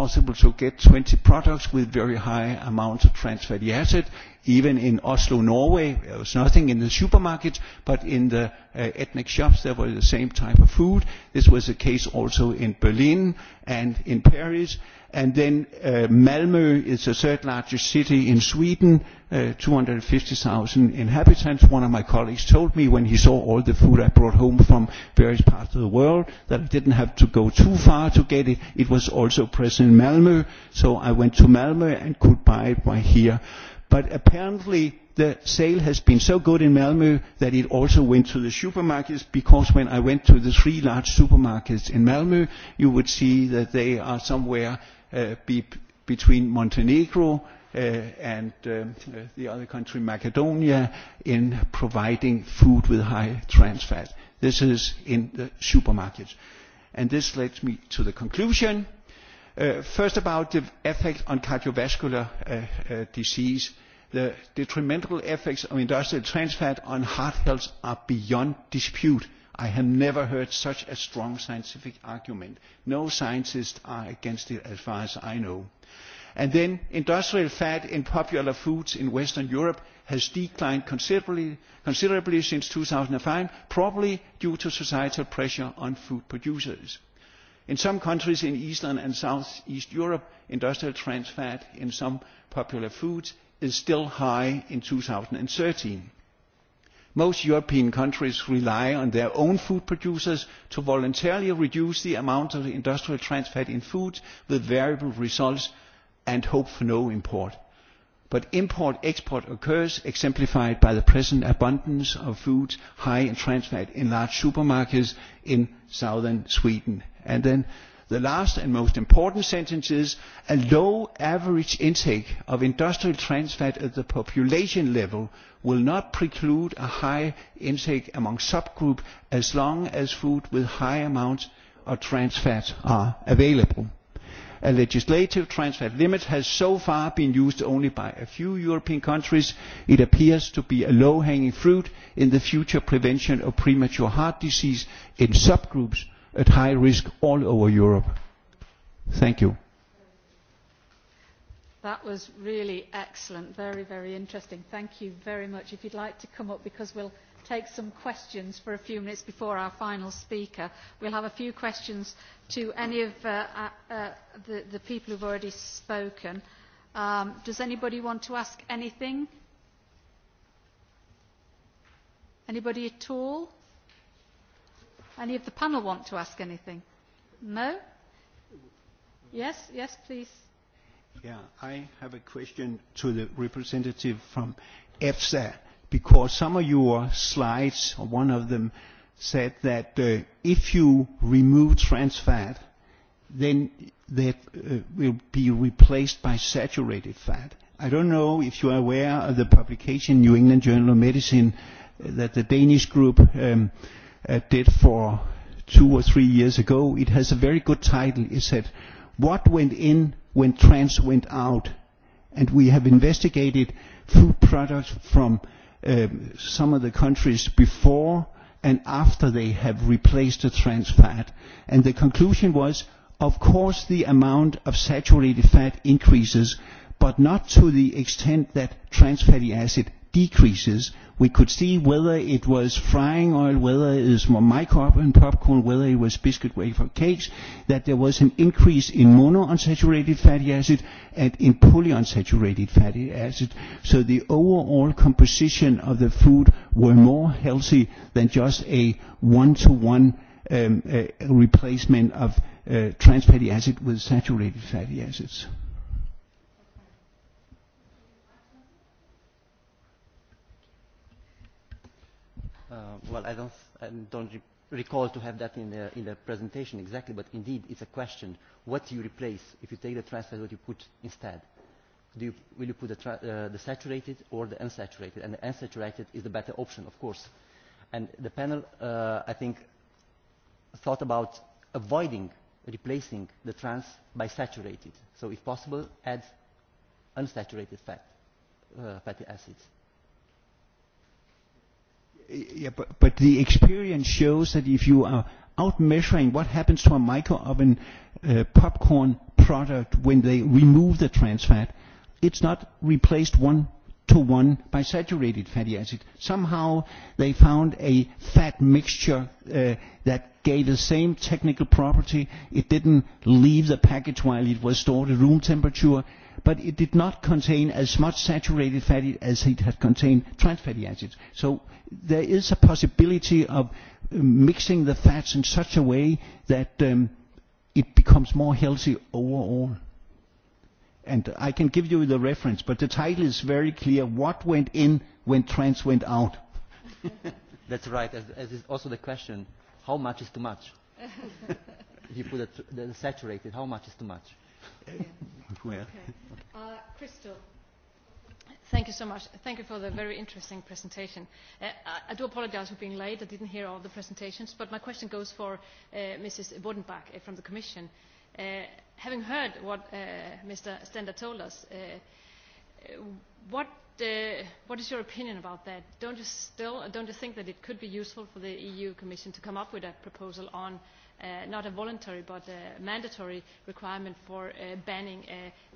possible to get 20 products with very high amounts of trans fatty acid Even in Oslo, Norway, there was nothing in the supermarkets, but in the ethnic shops there was the same type of food. This was the case also in Berlin and in Paris. And then Malmö is the third largest city in Sweden, 250,000 inhabitants. One of my colleagues told me when he saw all the food I brought home from various parts of the world that I didn't have to go too far to get it. It was also present in Malmö, so I went to Malmö and could buy it by here. But apparently the sale has been so good in Malmö that it also went to the supermarkets because when I went to the three large supermarkets in Malmö, you would see that they are somewhere between Montenegro and the other country, Macedonia, in providing food with high trans fat. This is in the supermarkets. And this leads me to the conclusion First about the effect on cardiovascular disease. The detrimental effects of industrial trans fat on heart health are beyond dispute. I have never heard such a strong scientific argument. No scientists are against it as far as I know. And then industrial fat in popular foods in Western Europe has declined considerably since 2005, probably due to societal pressure on food producers. In some countries in Eastern and South East Europe, industrial trans fat in some popular foods is still high in 2013. Most European countries rely on their own food producers to voluntarily reduce the amount of industrial trans fat in foods with variable results and hope for no import. But import-export occurs, exemplified by the present abundance of foods high in trans fat in large supermarkets in southern Sweden. And then the last and most important sentence is a low average intake of industrial trans fat at the population level will not preclude a high intake among subgroups as long as food with high amounts of trans fat are available. A legislative trans fat limit has so far been used only by a few European countries. It appears to be a low-hanging fruit in the future prevention of premature heart disease in subgroups at high risk all over Europe. Thank you. That was really excellent. Very, very interesting. Thank you very much. If you'd like to come up, because we'll take some questions for a few minutes before our final speaker. We'll have a few questions to any of the people who've already spoken. Does anybody want to ask anything? Anybody at all? Any of the panel want to ask anything? No? Yes, yes, please. Yeah, I have a question to the representative from EFSA because some of your slides, or one of them, said that if you remove trans fat, then they will be replaced by saturated fat. I don't know if you are aware of the publication, New England Journal of Medicine, that the Danish group did for two or three years ago. It has a very good title. It said, what went in when trans went out? And we have investigated food products from some of the countries before and after they have replaced the trans fat. And the conclusion was, of course, the amount of saturated fat increases, but not to the extent that trans fatty acid decreases. We could see whether it was frying oil, whether it was microwave popcorn, whether it was biscuit wafer cakes, that there was an increase in monounsaturated fatty acid and in polyunsaturated fatty acid. So the overall composition of the food were more healthy than just a one-to-one replacement of trans fatty acid with saturated fatty acids. well, I don't, I don't recall to have that in the, in the presentation exactly, but indeed it's a question. What do you replace if you take the trans fat, what you put instead? Do you, will you put the, uh, the saturated or the unsaturated? And the unsaturated is the better option, of course. And the panel, uh, I think, thought about avoiding replacing the trans by saturated. So if possible, add unsaturated fat, uh, fatty acids But the experience shows that if you are out measuring what happens to a micro-oven popcorn product when they remove the trans fat, it's not replaced one to one by saturated fatty acid. Somehow they found a fat mixture that gave the same technical property. It didn't leave the package while it was stored at room temperature but it did not contain as much saturated fatty as it had contained trans fatty acids. So there is a possibility of mixing the fats in such a way that it becomes more healthy overall. And I can give you the reference, but the title is very clear. What went in when trans went out? That's right. As is also the question, how much is too much? If you put the saturated, how much is too much? Crystal. Thank you so much. Thank you for the very interesting presentation. I do apologize for being late. I didn't hear all the presentations, but my question goes for Mrs. Bodenbach from the Commission. Having heard what Mr. Stender told us, what what is your opinion about that? Don't you still, don't you think that it could be useful for the EU Commission to come up with a proposal on not a voluntary but a mandatory requirement for banning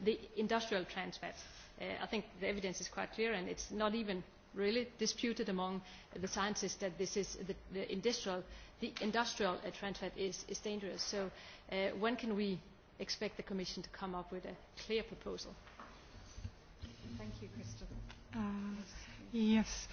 the industrial trans fats. I think the evidence is quite clear and it's not even really disputed among the scientists that this is the industrial the industrial trans fat is dangerous. So when can we expect the Commission to come up with a clear proposal? Thank you, Yes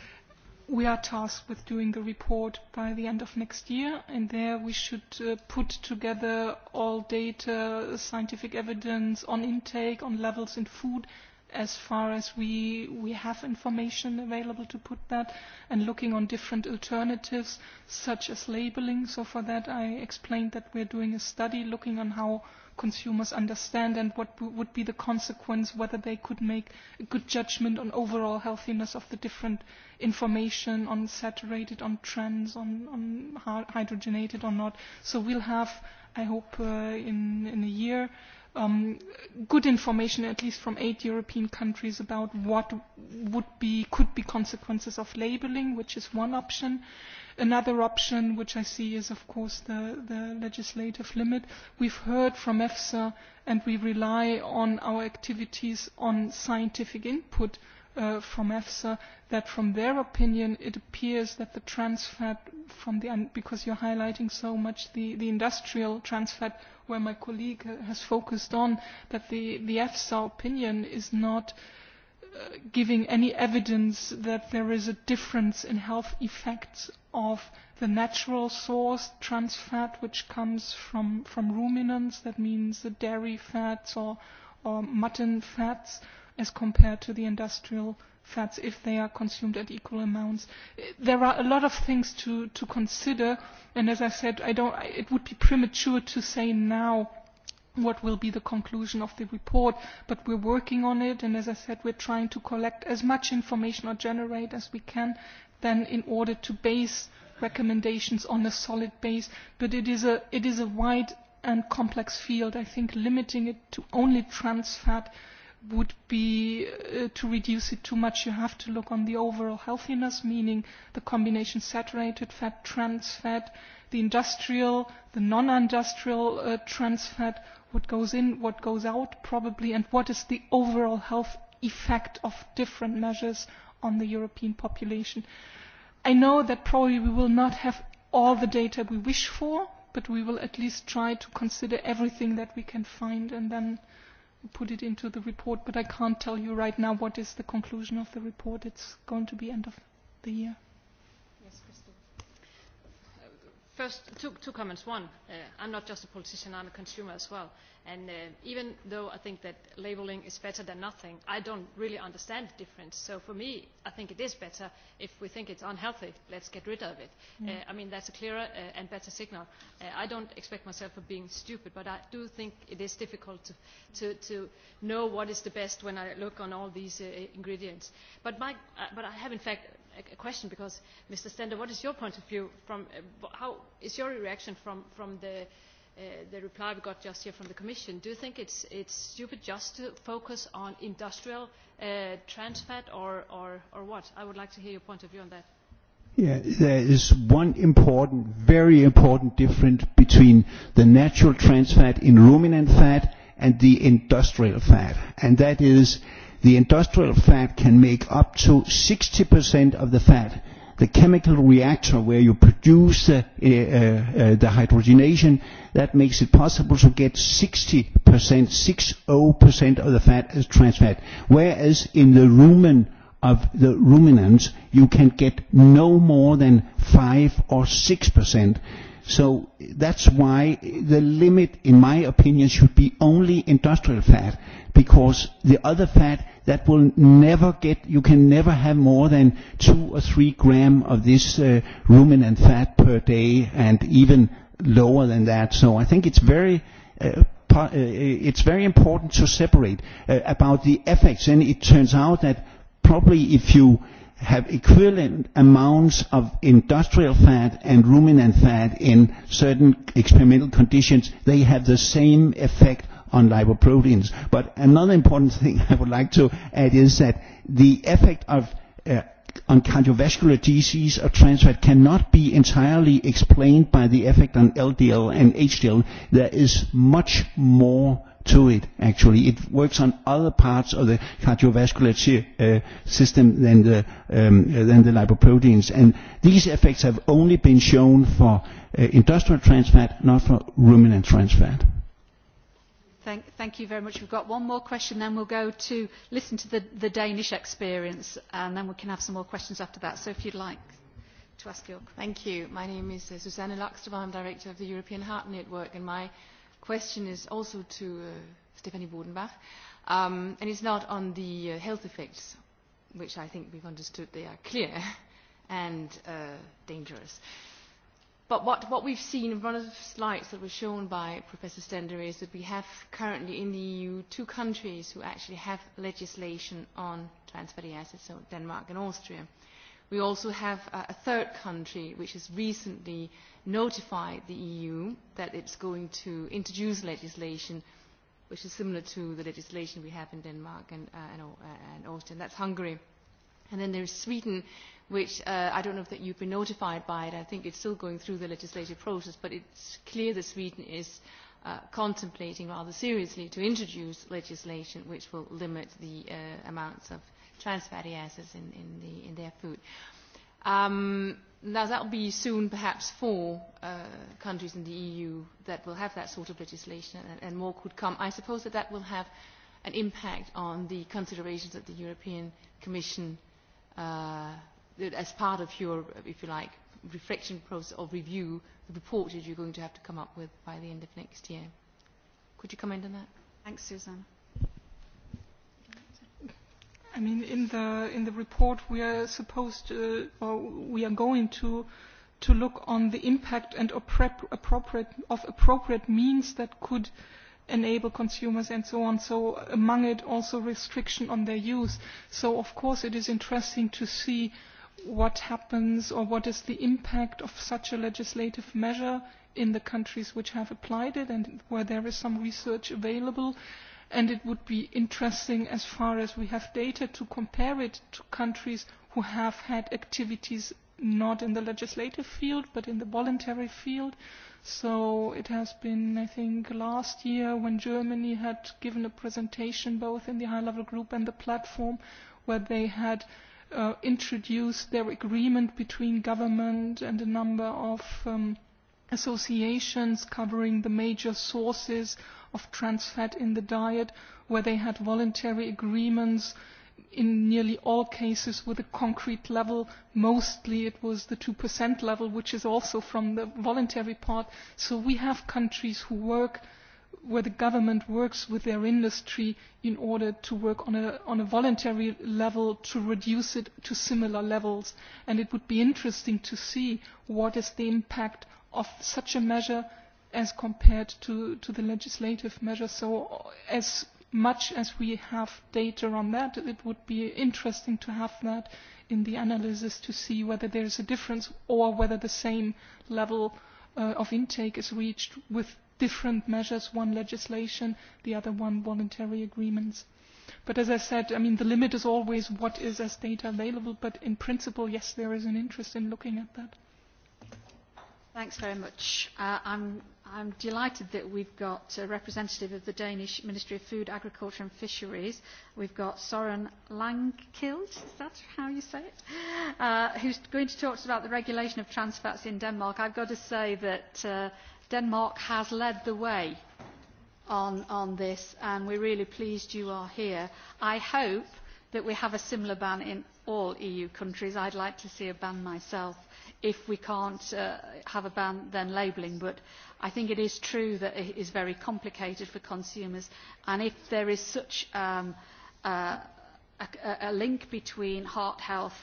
we are tasked with doing a report by the end of next year and there we should put together all data scientific evidence on intake on levels in food as far as we we have information available to put that and looking on different alternatives such as labelling so for that i explained that we are doing a study looking on how consumers understand and what would be the consequence, whether they could make a good judgment on overall healthiness of the different information on saturated, on trends, on hydrogenated or not. So we'll have, I hope, in a year good information at least from eight European countries about what would be could be consequences of labelling, which is one option. Another option which I see is of course the legislative limit. We have heard from EFSA and we rely on our activities on scientific input from EFSA that from their opinion it appears that the trans fat from the because you're highlighting so much the the industrial trans fat where my colleague has focused on that the the EFSA opinion is not giving any evidence that there is a difference in health effects of the natural source trans fat which comes from from ruminants that means the dairy fats or or mutton fats as compared to the industrial fats if they are consumed at equal amounts. There are a lot of things to consider and as I said it would be premature to say now what will be the conclusion of the report, but we're working on it and as I said we're trying to collect as much information or generate as we can then in order to base recommendations on a solid base. But it is a wide and complex field. I think limiting it to only trans fat would be to reduce it too much you have to look on the overall healthiness meaning the combination saturated fat trans fat the industrial the non industrial trans fat what goes in what goes out probably and what is the overall health effect of different measures on the european population i know that probably we will not have all the data we wish for but we will at least try to consider everything that we can find and then put it into the report, but I can't tell you right now what is the conclusion of the report. It's going to be end of the year. First, two comments. One, I'm not just a politician, I'm a consumer as well. And even though I think that labelling is better than nothing, I don't really understand the difference. So for me, I think it is better. If we think it's unhealthy, let's get rid of it. I mean, that's a clearer and better signal. I don't expect myself for being stupid, but I do think it is difficult to know what is the best when I look on all these ingredients. But I have, in fact a question because, Mr. Stender, what is your point of view from how is your reaction from from the the reply we got just here from the Commission? Do you think it's it's stupid just to focus on industrial trans fat or or or what? I would like to hear your point of view on that. Yeah, there is one important, very important difference between the natural trans fat in ruminant fat and the industrial fat, and that is The industrial fat can make up to 60% of the fat. The chemical reactor where you produce the hydrogenation, that makes it possible to get 60%, 60% of the fat as trans fat. Whereas in the rumen of the ruminants, you can get no more than 5 or 6%. So that's why the limit, in my opinion, should be only industrial fat, because the other fat that will never get, you can never have more than two or three gram of this ruminant fat per day, and even lower than that. So I think it's very it's very important to separate about the effects. And it turns out that probably if you have equivalent amounts of industrial fat and ruminant fat in certain experimental conditions, they have the same effect on lipoproteins. But another important thing I would like to add is that the effect of on cardiovascular disease or trans fat cannot be entirely explained by the effect on LDL and HDL. There is much more to it actually. It works on other parts of the cardiovascular system than the than the lipoproteins. And these effects have only been shown for industrial trans fat, not for ruminant trans fat. Thank you very much. We've got one more question, then we'll go to listen to the Danish experience, and then we can have some more questions after that. So if you'd like to ask your Thank you. My name is Susanne I I'm Director of the European Heart Network, and my question is also to Stephanie Bodenbach, and it's not on the health effects, which I think we've understood they are clear and dangerous. But what we've seen in one of the slides that was shown by Professor Stender is that we have currently in the EU two countries who actually have legislation on trans fatty acids, so Denmark and Austria. We also have a third country which has recently notified the EU that it's going to introduce legislation which is similar to the legislation we have in Denmark and Austria, and that's Hungary. And then there is Sweden, which I don't know if you've been notified by it. I think it's still going through the legislative process, but it's clear that Sweden is contemplating rather seriously to introduce legislation which will limit the amounts of trans fatty acids in, in, the, in their food. Um, now that will be soon perhaps four countries in the EU that will have that sort of legislation and, more could come. I suppose that that will have an impact on the considerations that the European Commission as part of your, if you like, reflection process or review the report that you're going to have to come up with by the end of next year. Could you comment on that? Thanks, Susan. I mean, in the in the report we are supposed or we are going to to look on the impact and appropriate of appropriate means that could enable consumers and so on. So among it also restriction on their use. So of course it is interesting to see what happens or what is the impact of such a legislative measure in the countries which have applied it and where there is some research available and it would be interesting as far as we have data to compare it to countries who have had activities not in the legislative field but in the voluntary field. So it has been, I think, last year when Germany had given a presentation both in the high-level group and the platform where they had introduced their agreement between government and a number of associations covering the major sources of trans fat in the diet, where they had voluntary agreements in nearly all cases with a concrete level. Mostly it was the 2% level, which is also from the voluntary part. So we have countries who work where the government works with their industry in order to work on a voluntary level to reduce it to similar levels. And it would be interesting to see what is the impact of such a measure as compared to the legislative measures. So as much as we have data on that, it would be interesting to have that in the analysis to see whether there is a difference or whether the same level of intake is reached with different measures, one legislation, the other one voluntary agreements. But as I said, I mean, the limit is always what is as data available, but in principle, yes, there is an interest in looking at that. Thanks very much. I'm I'm delighted that we've got a representative of the Danish Ministry of Food, Agriculture and Fisheries. We've got Soren Langkild, is that how you say it? Who's going to talk to us about the regulation of trans fats in Denmark. I've got to say that Denmark has led the way on this and we're really pleased you are here. I hope that we have a similar ban in all EU countries. I'd like to see a ban myself if we can't have a ban then labelling but i think it is true that it is very complicated for consumers and if there is such a link between heart health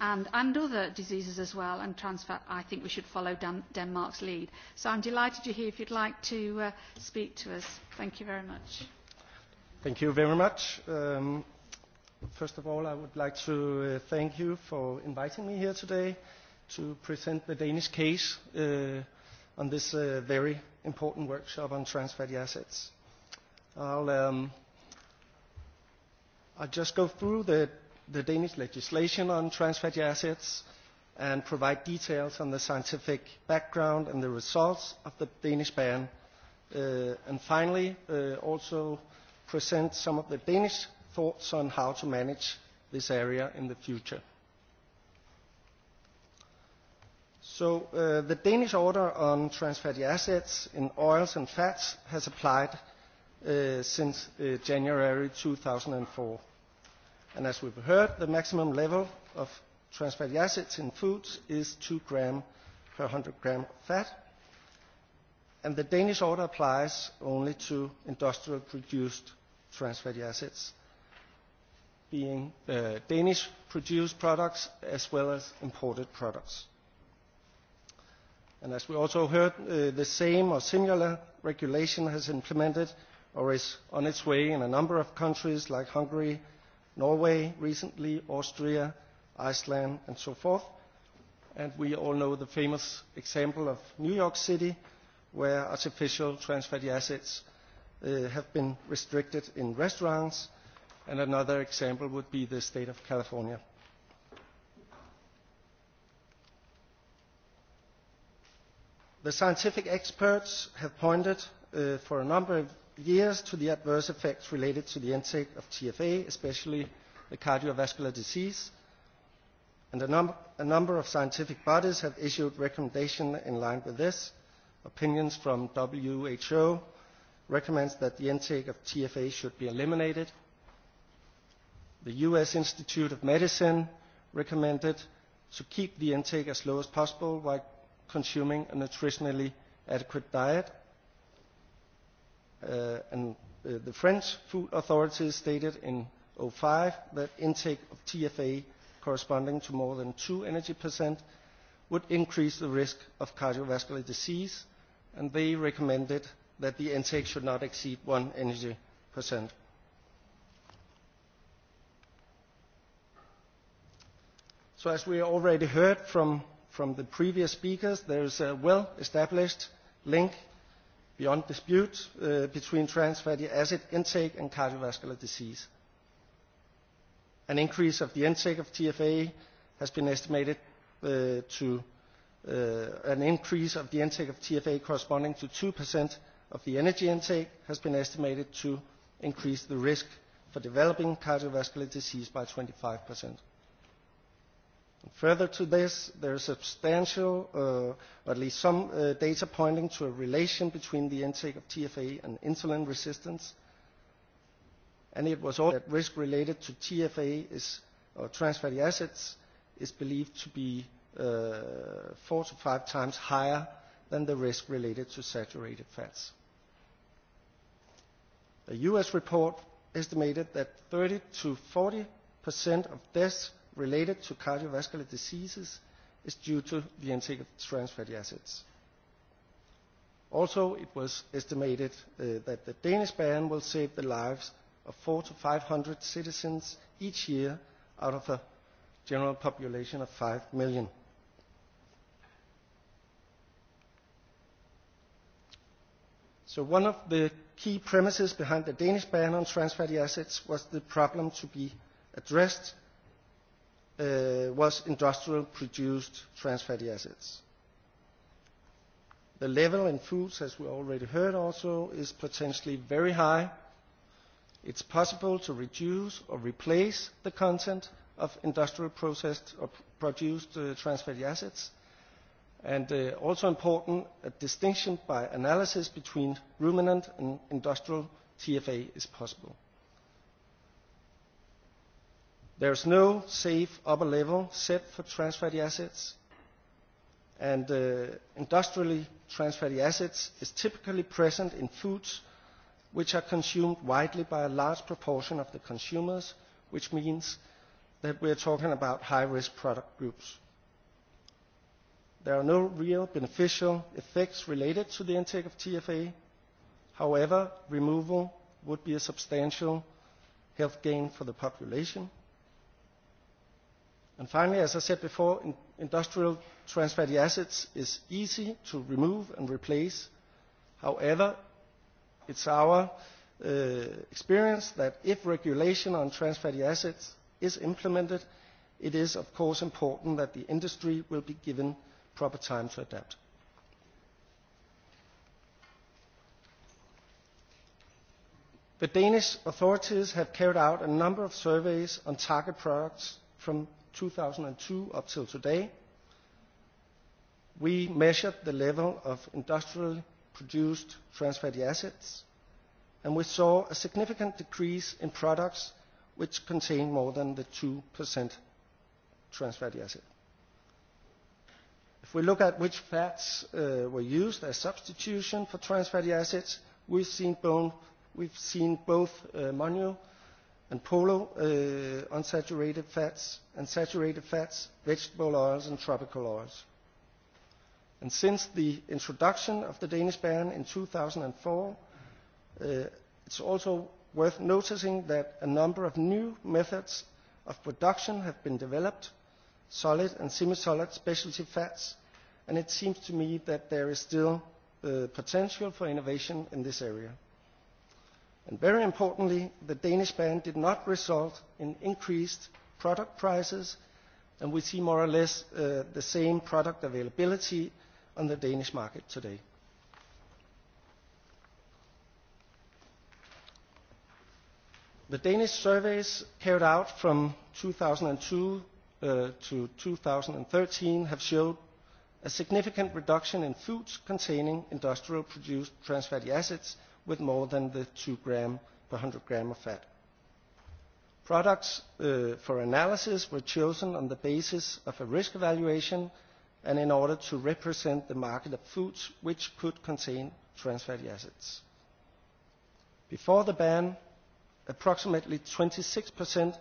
and other diseases as well and trans fat i think we should follow denmark's lead so i'm delighted you're here if you'd like to speak to us thank you very much thank you very much first of all i would like to thank you for inviting me here today to present the Danish case on this very important workshop on trans fatty acids. I'll just go through the Danish legislation on trans fatty acids and provide details on the scientific background and the results of the Danish ban. And finally, also present some of the Danish thoughts on how to manage this area in the future. So the Danish order on trans fatty acids in oils and fats has applied since January 2004. And as we've heard, the maximum level of trans fatty acids in foods is 2 gram per 100 gram fat. And the Danish order applies only to industrial produced trans fatty acids, being Danish produced products as well as imported products. And as we also heard, the same or similar regulation has implemented or is on its way in a number of countries like Hungary, Norway recently, Austria, Iceland and so forth. And we all know the famous example of New York City where artificial trans fatty acids have been restricted in restaurants. And another example would be the state of California. The scientific experts have pointed for a number of years to the adverse effects related to the intake of TFA, especially the cardiovascular disease, and a number of scientific bodies have issued recommendations in line with this. Opinions from WHO recommends that the intake of TFA should be eliminated. The U.S. Institute of Medicine recommended to keep the intake as low as possible while consuming a nutritionally adequate diet. And the French food authorities stated in 2005 that intake of TFA corresponding to more than 2 energy percent would increase the risk of cardiovascular disease, and they recommended that the intake should not exceed 1 energy percent. So as we already heard from from the previous speakers, there is a well-established link beyond dispute between trans fatty acid intake and cardiovascular disease. An increase of the intake of TFA has been estimated to an increase of the intake of TFA corresponding to 2% of the energy intake has been estimated to increase the risk for developing cardiovascular disease by 25%. Further to this, there is substantial, or at least some data pointing to a relation between the intake of TFA and insulin resistance. And it was also that risk related to TFA is, or trans fatty acids is believed to be four to five times higher than the risk related to saturated fats. A U.S. report estimated that 30 to 40% of deaths related to cardiovascular diseases is due to the intake of trans fatty acids. Also, it was estimated that the Danish ban will save the lives of 400 to 500 citizens each year out of a general population of 5 million. So one of the key premises behind the Danish ban on trans fatty acids was the problem to be addressed was industrial produced trans fatty acids. The level in foods, as we already heard also, is potentially very high. It's possible to reduce or replace the content of industrial processed or produced trans fatty acids. And also important, a distinction by analysis between ruminant and industrial TFA is possible. There is no safe upper level set for trans fatty acids, and industrially trans fatty acids is typically present in foods which are consumed widely by a large proportion of the consumers, which means that we are talking about high-risk product groups. There are no real beneficial effects related to the intake of TFA. However, removal would be a substantial health gain for the population. And finally, as I said before, industrial trans fatty acids is easy to remove and replace. However, it's our experience that if regulation on trans fatty acids is implemented, it is, of course, important that the industry will be given proper time to adapt. The Danish authorities have carried out a number of surveys on target products from 2002 up till today, we measured the level of industrially produced trans fatty acids, and we saw a significant decrease in products which contain more than the 2% trans fatty acid. If we look at which fats were used as substitution for trans fatty acids, we've seen both manual and unsaturated fats and saturated fats, vegetable oils and tropical oils. And since the introduction of the Danish ban in 2004, it's also worth noticing that a number of new methods of production have been developed, solid and semi-solid specialty fats, and it seems to me that there is still potential for innovation in this area and very importantly the danish ban did not result in increased product prices and we see more or less the same product availability on the danish market today. The Danish surveys carried out from 2002 to 2013 have showed a significant reduction in foods containing industrial produced trans fatty acids with more than the 2 gram per 100 gram of fat. Products for analysis were chosen on the basis of a risk evaluation and in order to represent the market of foods which could contain trans fatty acids. Before the ban, approximately 26%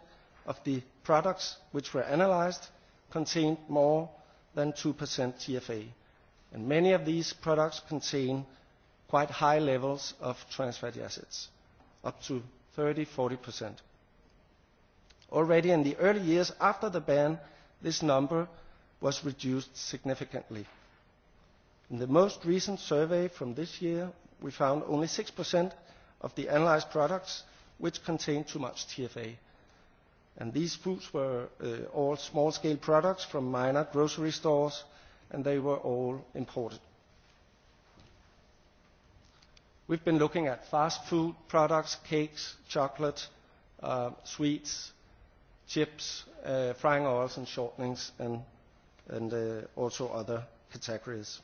of the products which were analyzed contained more than 2% TFA, and many of these products contain quite high levels of trans fatty acids, up to 30-40%. Already in the early years after the ban, this number was reduced significantly. In the most recent survey from this year, we found only 6% of the analyzed products which contained too much TFA. And these foods were all small-scale products from minor grocery stores, and they were all imported. We've been looking at fast food products, cakes, chocolate, sweets, chips, frying oils and shortenings, and also other categories.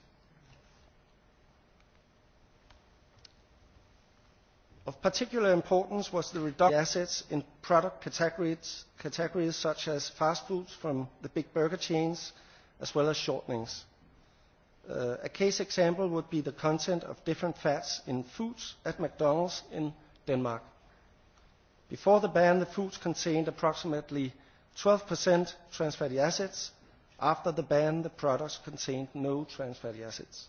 Of particular importance was the reduction of assets in product categories such as fast foods from the big burger chains, as well as shortenings. A case example would be the content of different fats in foods at McDonald's in Denmark. Before the ban, the foods contained approximately 12% trans fatty acids. After the ban, the products contained no trans fatty acids.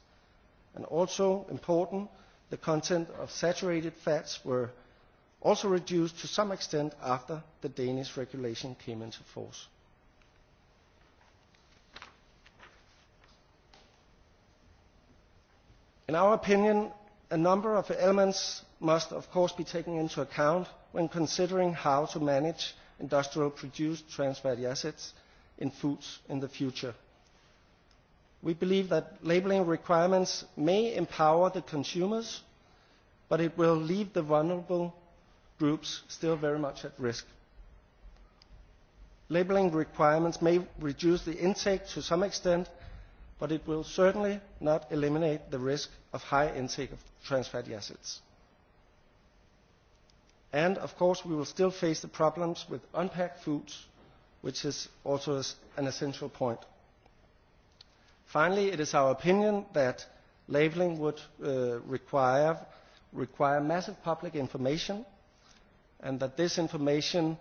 And also important, the content of saturated fats were also reduced to some extent after the Danish regulation came into force. In our opinion, a number of elements must of course be taken into account when considering how to manage industrial produced trans fatty acids in foods in the future. We believe that labelling requirements may empower the consumers, but it will leave the vulnerable groups still very much at risk. Labelling requirements may reduce the intake to some extent, but it will certainly not eliminate the risk of high intake of trans fatty acids. And, of course, we will still face the problems with unpacked foods, which is also an essential point. Finally, it is our opinion that labelling would require massive public information and that this information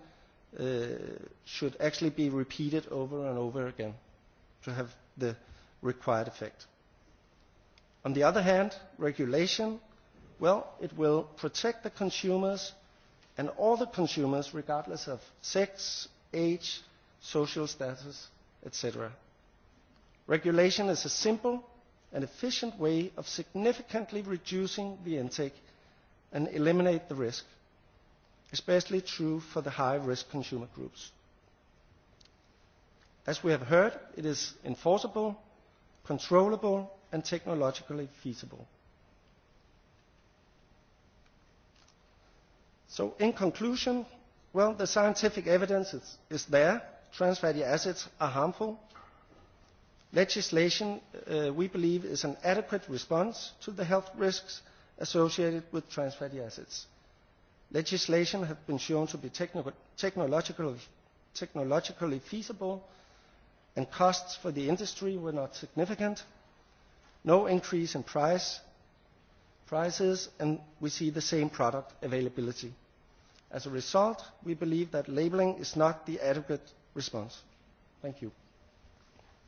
should actually be repeated over and over again to have the required effect. On the other hand, regulation, well, it will protect the consumers and all the consumers regardless of sex, age, social status, etc. Regulation is a simple and efficient way of significantly reducing the intake and eliminate the risk, especially true for the high-risk consumer groups. As we have heard, it is enforceable controllable and technologically feasible. So in conclusion, well, the scientific evidence is there. Trans fatty acids are harmful. Legislation, we believe, is an adequate response to the health risks associated with trans fatty acids. Legislation has been shown to be technologically feasible and costs for the industry were not significant. No increase in price, prices, and we see the same product availability. As a result, we believe that labelling is not the adequate response. Thank you.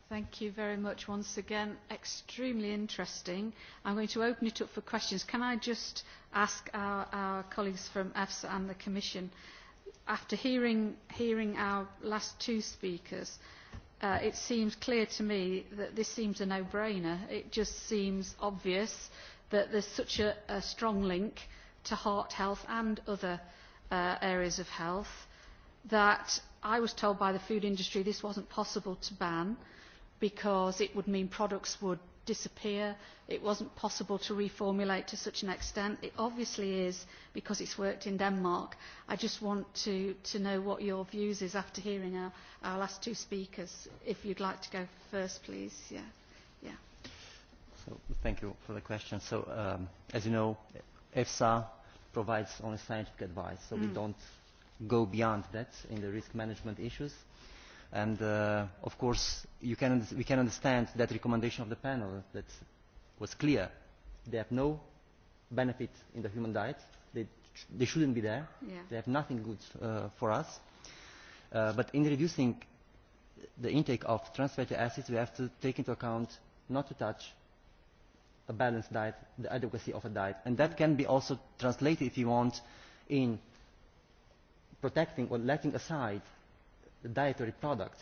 Thank you very much once again. Extremely interesting. I'm going to open it up for questions. Can I just ask our colleagues from EFSA and the Commission, after hearing our last two speakers, it seems clear to me that this seems a no brainer. It just seems obvious that there's such a strong link to heart health and other areas of health that I was told by the food industry this wasn't possible to ban because it would mean products would disappear. It wasn't possible to reformulate to such an extent. It obviously is because it's worked in Denmark. I just want to know what your views is after hearing our last two speakers. If you'd like to go first, please. Yeah. Yeah. So thank you for the question. So as you know, EFSA provides only scientific advice, so we don't go beyond that in the risk management issues and of course we can understand that recommendation of the panel that was clear they have no benefit in the human diet they they shouldn't be there they have nothing good for us but in reducing the intake of trans fatty acids we have to take into account not to touch a balanced diet the adequacy of a diet and that can be also translated if you want in protecting or letting aside The dietary products.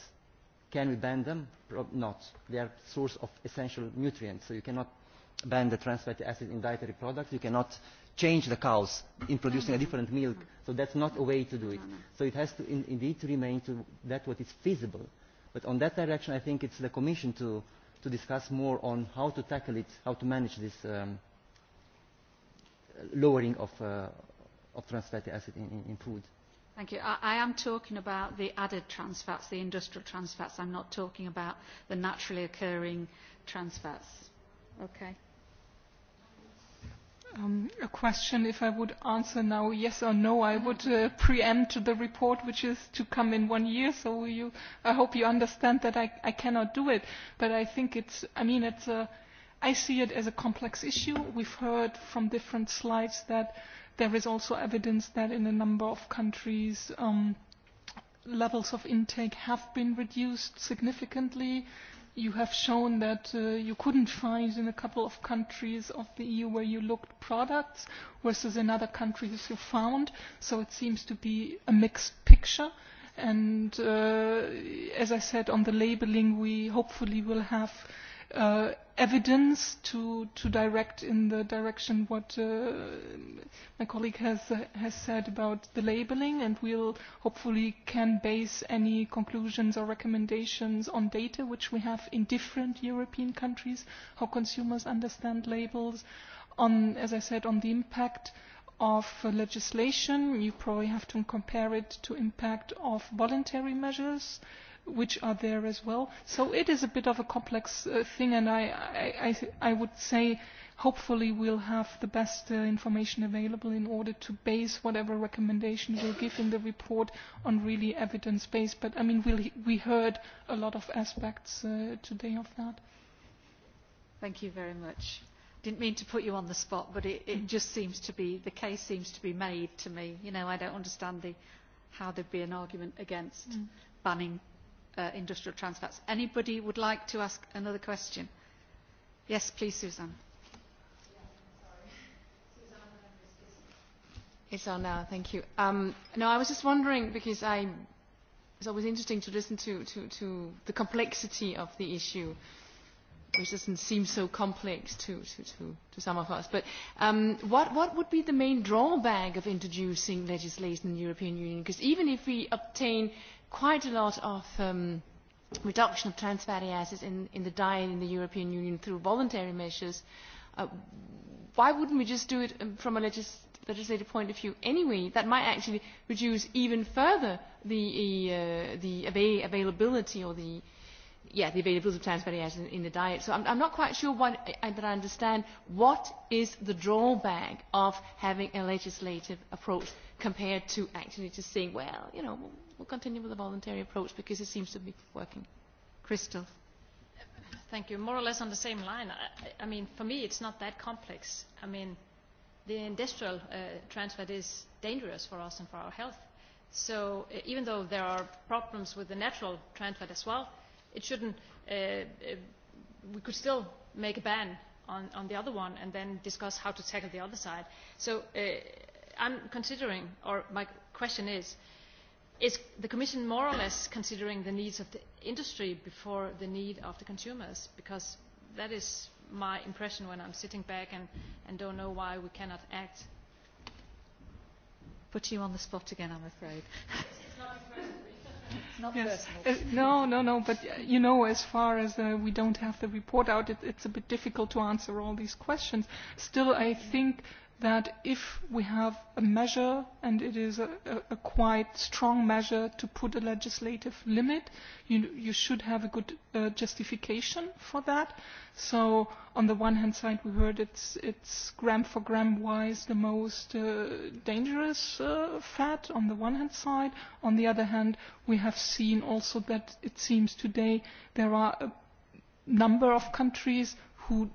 Can we ban them? Not. They are source of essential nutrients, so you cannot ban the trans fatty acid in dietary products. You cannot change the cows in producing a different milk, so that's not a way to do it. So it has to indeed remain to that what is feasible. But on that direction, I think it's the Commission to to discuss more on how to tackle it, how to manage this lowering of of trans fatty acid in food. Thank you. I am talking about the added trans fats, the industrial trans fats. I'm not talking about the naturally occurring trans fats. Okay. A question, if I would answer now yes or no, I would preempt the report which is to come in one year. So I hope you understand that I cannot do it. But I think it's, I mean, it's, I see it as a complex issue. We've heard from different slides that There is also evidence that in a number of countries levels of intake have been reduced significantly. You have shown that you couldn't find in a couple of countries of the EU where you looked products, versus in other countries you found. So it seems to be a mixed picture. And as I said, on the labelling, we hopefully will have evidence to to direct in the direction what my colleague has has said about the labelling and we'll hopefully can base any conclusions or recommendations on data which we have in different European countries, how consumers understand labels, on as I said on the impact of legislation. You probably have to compare it to impact of voluntary measures which are there as well. So it is a bit of a complex thing, and I would say hopefully we'll have the best information available in order to base whatever recommendation we'll give in the report on really evidence-based. But, I mean, we heard a lot of aspects today of that. Thank you very much. Didn't mean to put you on the spot, but it just seems to be, the case seems to be made to me. You know, I don't understand how there'd be an argument against banning industrial trans Anybody would like to ask another question? Yes, please, Suzanne. It's on now, thank you. Um, no, I was just wondering because I, it's always interesting to listen to, to, to the complexity of the issue, which doesn't seem so complex to, to, to, to some of us. But um, what, what would be the main drawback of introducing legislation in the European Union? Because even if we obtain quite a lot of reduction of trans fatty acids in the diet in the European Union through voluntary measures. Why wouldn't we just do it from a legislative point of view anyway? That might actually reduce even further the availability or the yeah, the availability of trans fatty acids in the diet. So I'm not quite sure that I understand what is the drawback of having a legislative approach compared to actually just saying, well, you know, we'll continue with the voluntary approach because it seems to be working. Crystal. Thank you. More or less on the same line. I mean, for me, it's not that complex. I mean, the industrial transfer is dangerous for us and for our health. So even though there are problems with the natural transfer as well, it shouldn't. We could still make a ban on on the other one and then discuss how to tackle the other side. So I'm considering, or my question is Is the Commission more or less considering the needs of the industry before the need of the consumers? Because that is my impression when I'm sitting back and, and don't know why we cannot act. Put you on the spot again, I'm afraid. No, no, no. But you know, as far as we don't have the report out, it's a bit difficult to answer all these questions. Still, I think that if we have a measure and it is a quite strong measure to put a legislative limit you should have a good justification for that so on the one hand side we heard it's gram for gram wise the most dangerous fat on the one hand side on the other hand we have seen also that it seems today there are a number of countries whom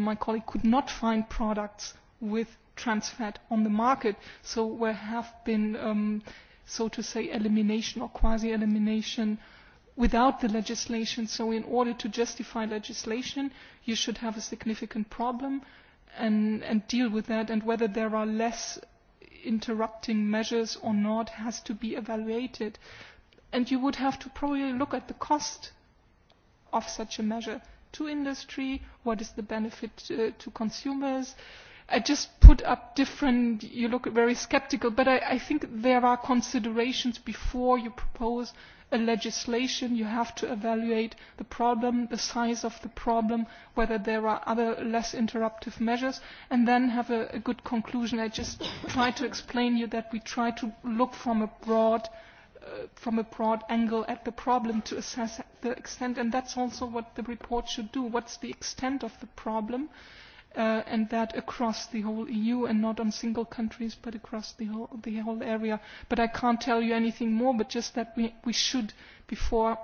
my colleague could not find products with trans fat on the market. So there have been, so to say, elimination or quasi-elimination without the legislation. So in order to justify legislation, you should have a significant problem and deal with that. And whether there are less interrupting measures or not has to be evaluated. And you would have to probably look at the cost of such a measure to industry, what is the benefit to consumers I just put up different, you look very sceptical, but I think there are considerations before you propose a legislation. You have to evaluate the problem, the size of the problem, whether there are other less interruptive measures, and then have a good conclusion. I just try to explain you that we try to look from a broad from a broad angle at the problem to assess the extent, and that's also what the report should do. What's the extent of the problem? and that across the whole EU and not on single countries but across the whole area. But I can't tell you anything more, but just that we should, before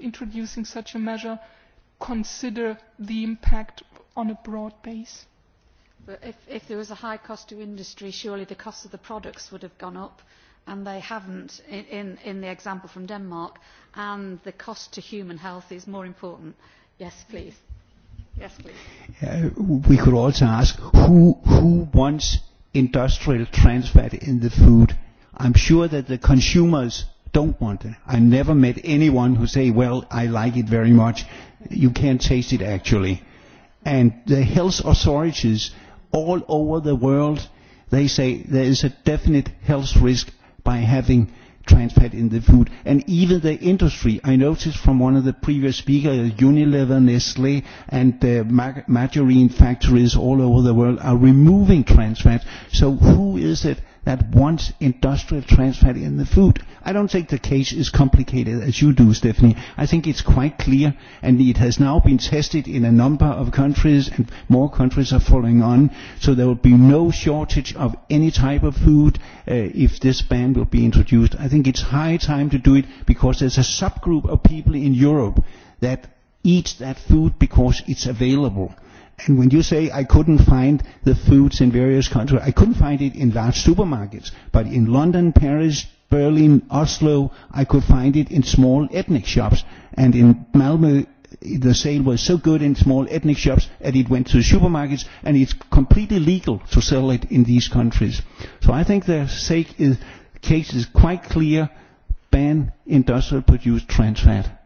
introducing such a measure, consider the impact on a broad base. if there was a high cost to industry, surely the cost of the products would have gone up and they haven't in the example from Denmark and the cost to human health is more important. Yes, please. We could also ask who who wants industrial trans fat in the food. I'm sure that the consumers don't want it. I never met anyone who say, well, I like it very much. You can't taste it actually. And the health authorities all over the world, they say there is a definite health risk by having trans fat in the food. And even the industry, I noticed from one of the previous speakers, Unilever, Nestle, and the margarine factories all over the world are removing trans fat. So who is it that wants industrial trans fat in the food. I don't think the case is complicated as you do, Stephanie. I think it's quite clear, and it has now been tested in a number of countries, and more countries are following on, so there will be no shortage of any type of food if this ban will be introduced. I think it's high time to do it because there's a subgroup of people in Europe that eats that food because it's available And when you say I couldn't find the foods in various countries, I couldn't find it in large supermarkets, but in London, Paris, Berlin, Oslo, I could find it in small ethnic shops. And in Malmö, the sale was so good in small ethnic shops that it went to supermarkets, and it's completely legal to sell it in these countries. So I think the case is quite clear: ban industrial-produced trans fat.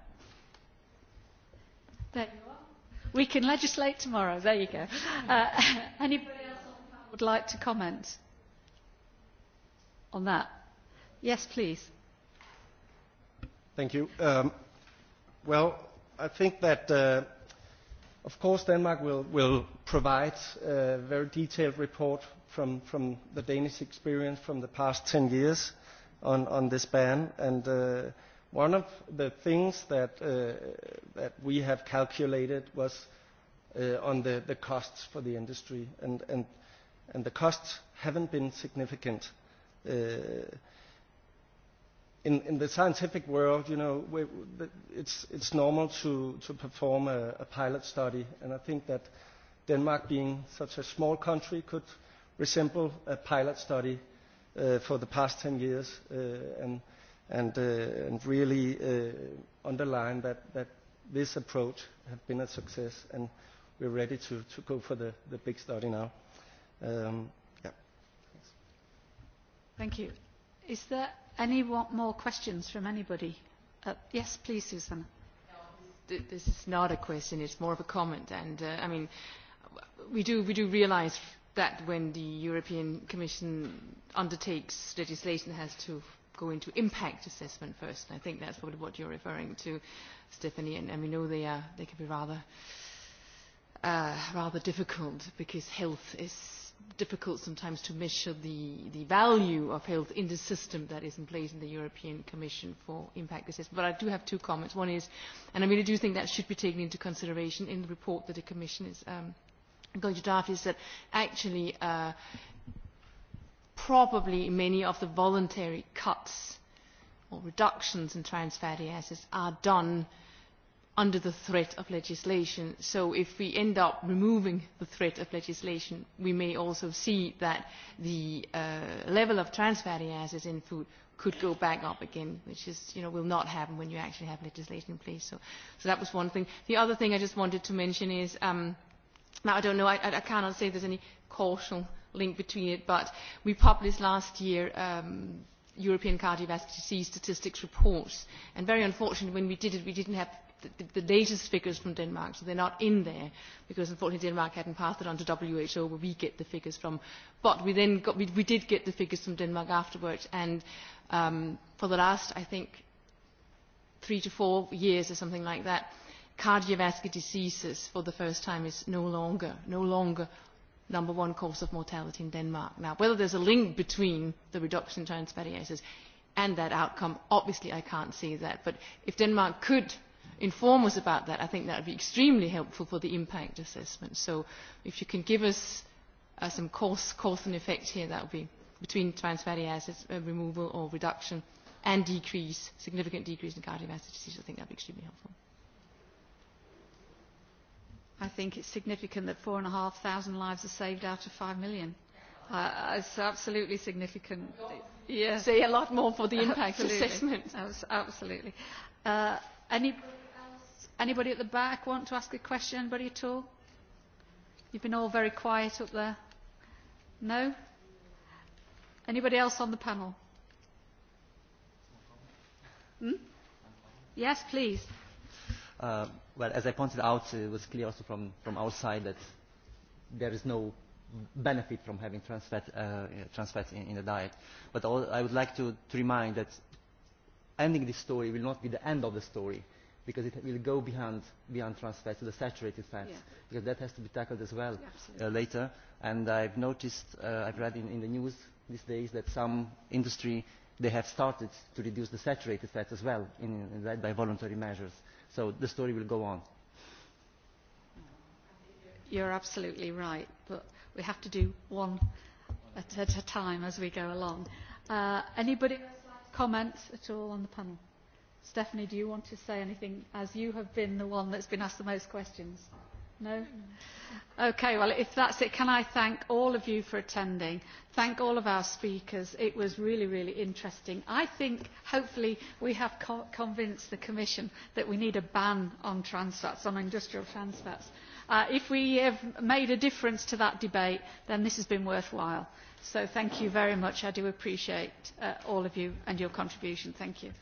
We can legislate tomorrow. There you go. Anybody else would like to comment on that? Yes, please. Thank you. Well, I think that, of course, Denmark will will provide a very detailed report from from the Danish experience from the past 10 years on this ban. And One of the things that that we have calculated was on the the costs for the industry, and and the costs haven't been significant. In in the scientific world, you know, it's it's normal to to perform a pilot study, and I think that Denmark, being such a small country, could resemble a pilot study for the past 10 years and and really underline that that this approach has been a success and we're ready to to go for the big study now. Thank you. Is there any more questions from anybody? Yes, please, Susanna. This is not a question. It's more of a comment. And, I mean, we do realize that when the European Commission undertakes legislation, it has to go into impact assessment first. I think that's probably what you're referring to, Stephanie. And, and we know they, are, they can be rather, uh, rather difficult because health is difficult sometimes to measure the, the value of health in the system that is in place in the European Commission for impact assessment. But I do have two comments. One is, and I really do think that should be taken into consideration in the report that the Commission is um, going to draft, is that actually uh, probably many of the voluntary cuts or reductions in trans fatty acids are done under the threat of legislation. So if we end up removing the threat of legislation, we may also see that the level of trans fatty acids in food could go back up again, which is, you know, will not happen when you actually have legislation in place. So, that was one thing. The other thing I just wanted to mention is, um, I don't know, I, I cannot say there's any causal link between it, but we published last year European cardiovascular disease statistics reports, and very unfortunately when we did it we didn't have the latest figures from Denmark, so they're not in there, because unfortunately Denmark hadn't passed it on to WHO, where we get the figures from. But we then we did get the figures from Denmark afterwards, and for the last, I think, three to four years or something like that, cardiovascular diseases for the first time is no longer no longer number one cause of mortality in Denmark. Now, whether there's a link between the reduction in trans fatty acids and that outcome, obviously I can't see that. But if Denmark could inform us about that, I think that would be extremely helpful for the impact assessment. So if you can give us some cause and effect here, that would be between trans fatty acids removal or reduction and decrease, significant decrease in cardiovascular disease, I think that would be extremely helpful. I think it's significant that and a half thousand lives are saved out of 5 million. It's absolutely significant. Yeah. Say a lot more for the impact assessment. Absolutely. Anybody at the back want to ask a question? Anybody at all? You've been all very quiet up there. No? Anybody else on the panel? Yes, please well, as I pointed out, it was clear also from, from our side that there is no benefit from having trans fat, uh, trans fats in, in the diet. But all, I would like to, to remind that ending this story will not be the end of the story because it will go beyond, beyond trans fats to the saturated fats because that has to be tackled as well uh, later. And I've noticed, uh, I've read in, in the news these days that some industry, they have started to reduce the saturated fats as well in that by voluntary measures So the story will go on. You're absolutely right, but we have to do one at a time as we go along. Anybody comments at all on the panel? Stephanie, do you want to say anything as you have been the one that's been asked the most questions? No? Okay, well, if that's it, can I thank all of you for attending, thank all of our speakers. It was really, really interesting. I think, hopefully, we have convinced the Commission that we need a ban on trans fats, on industrial trans fats. If we have made a difference to that debate, then this has been worthwhile. So thank you very much. I do appreciate all of you and your contribution. Thank you.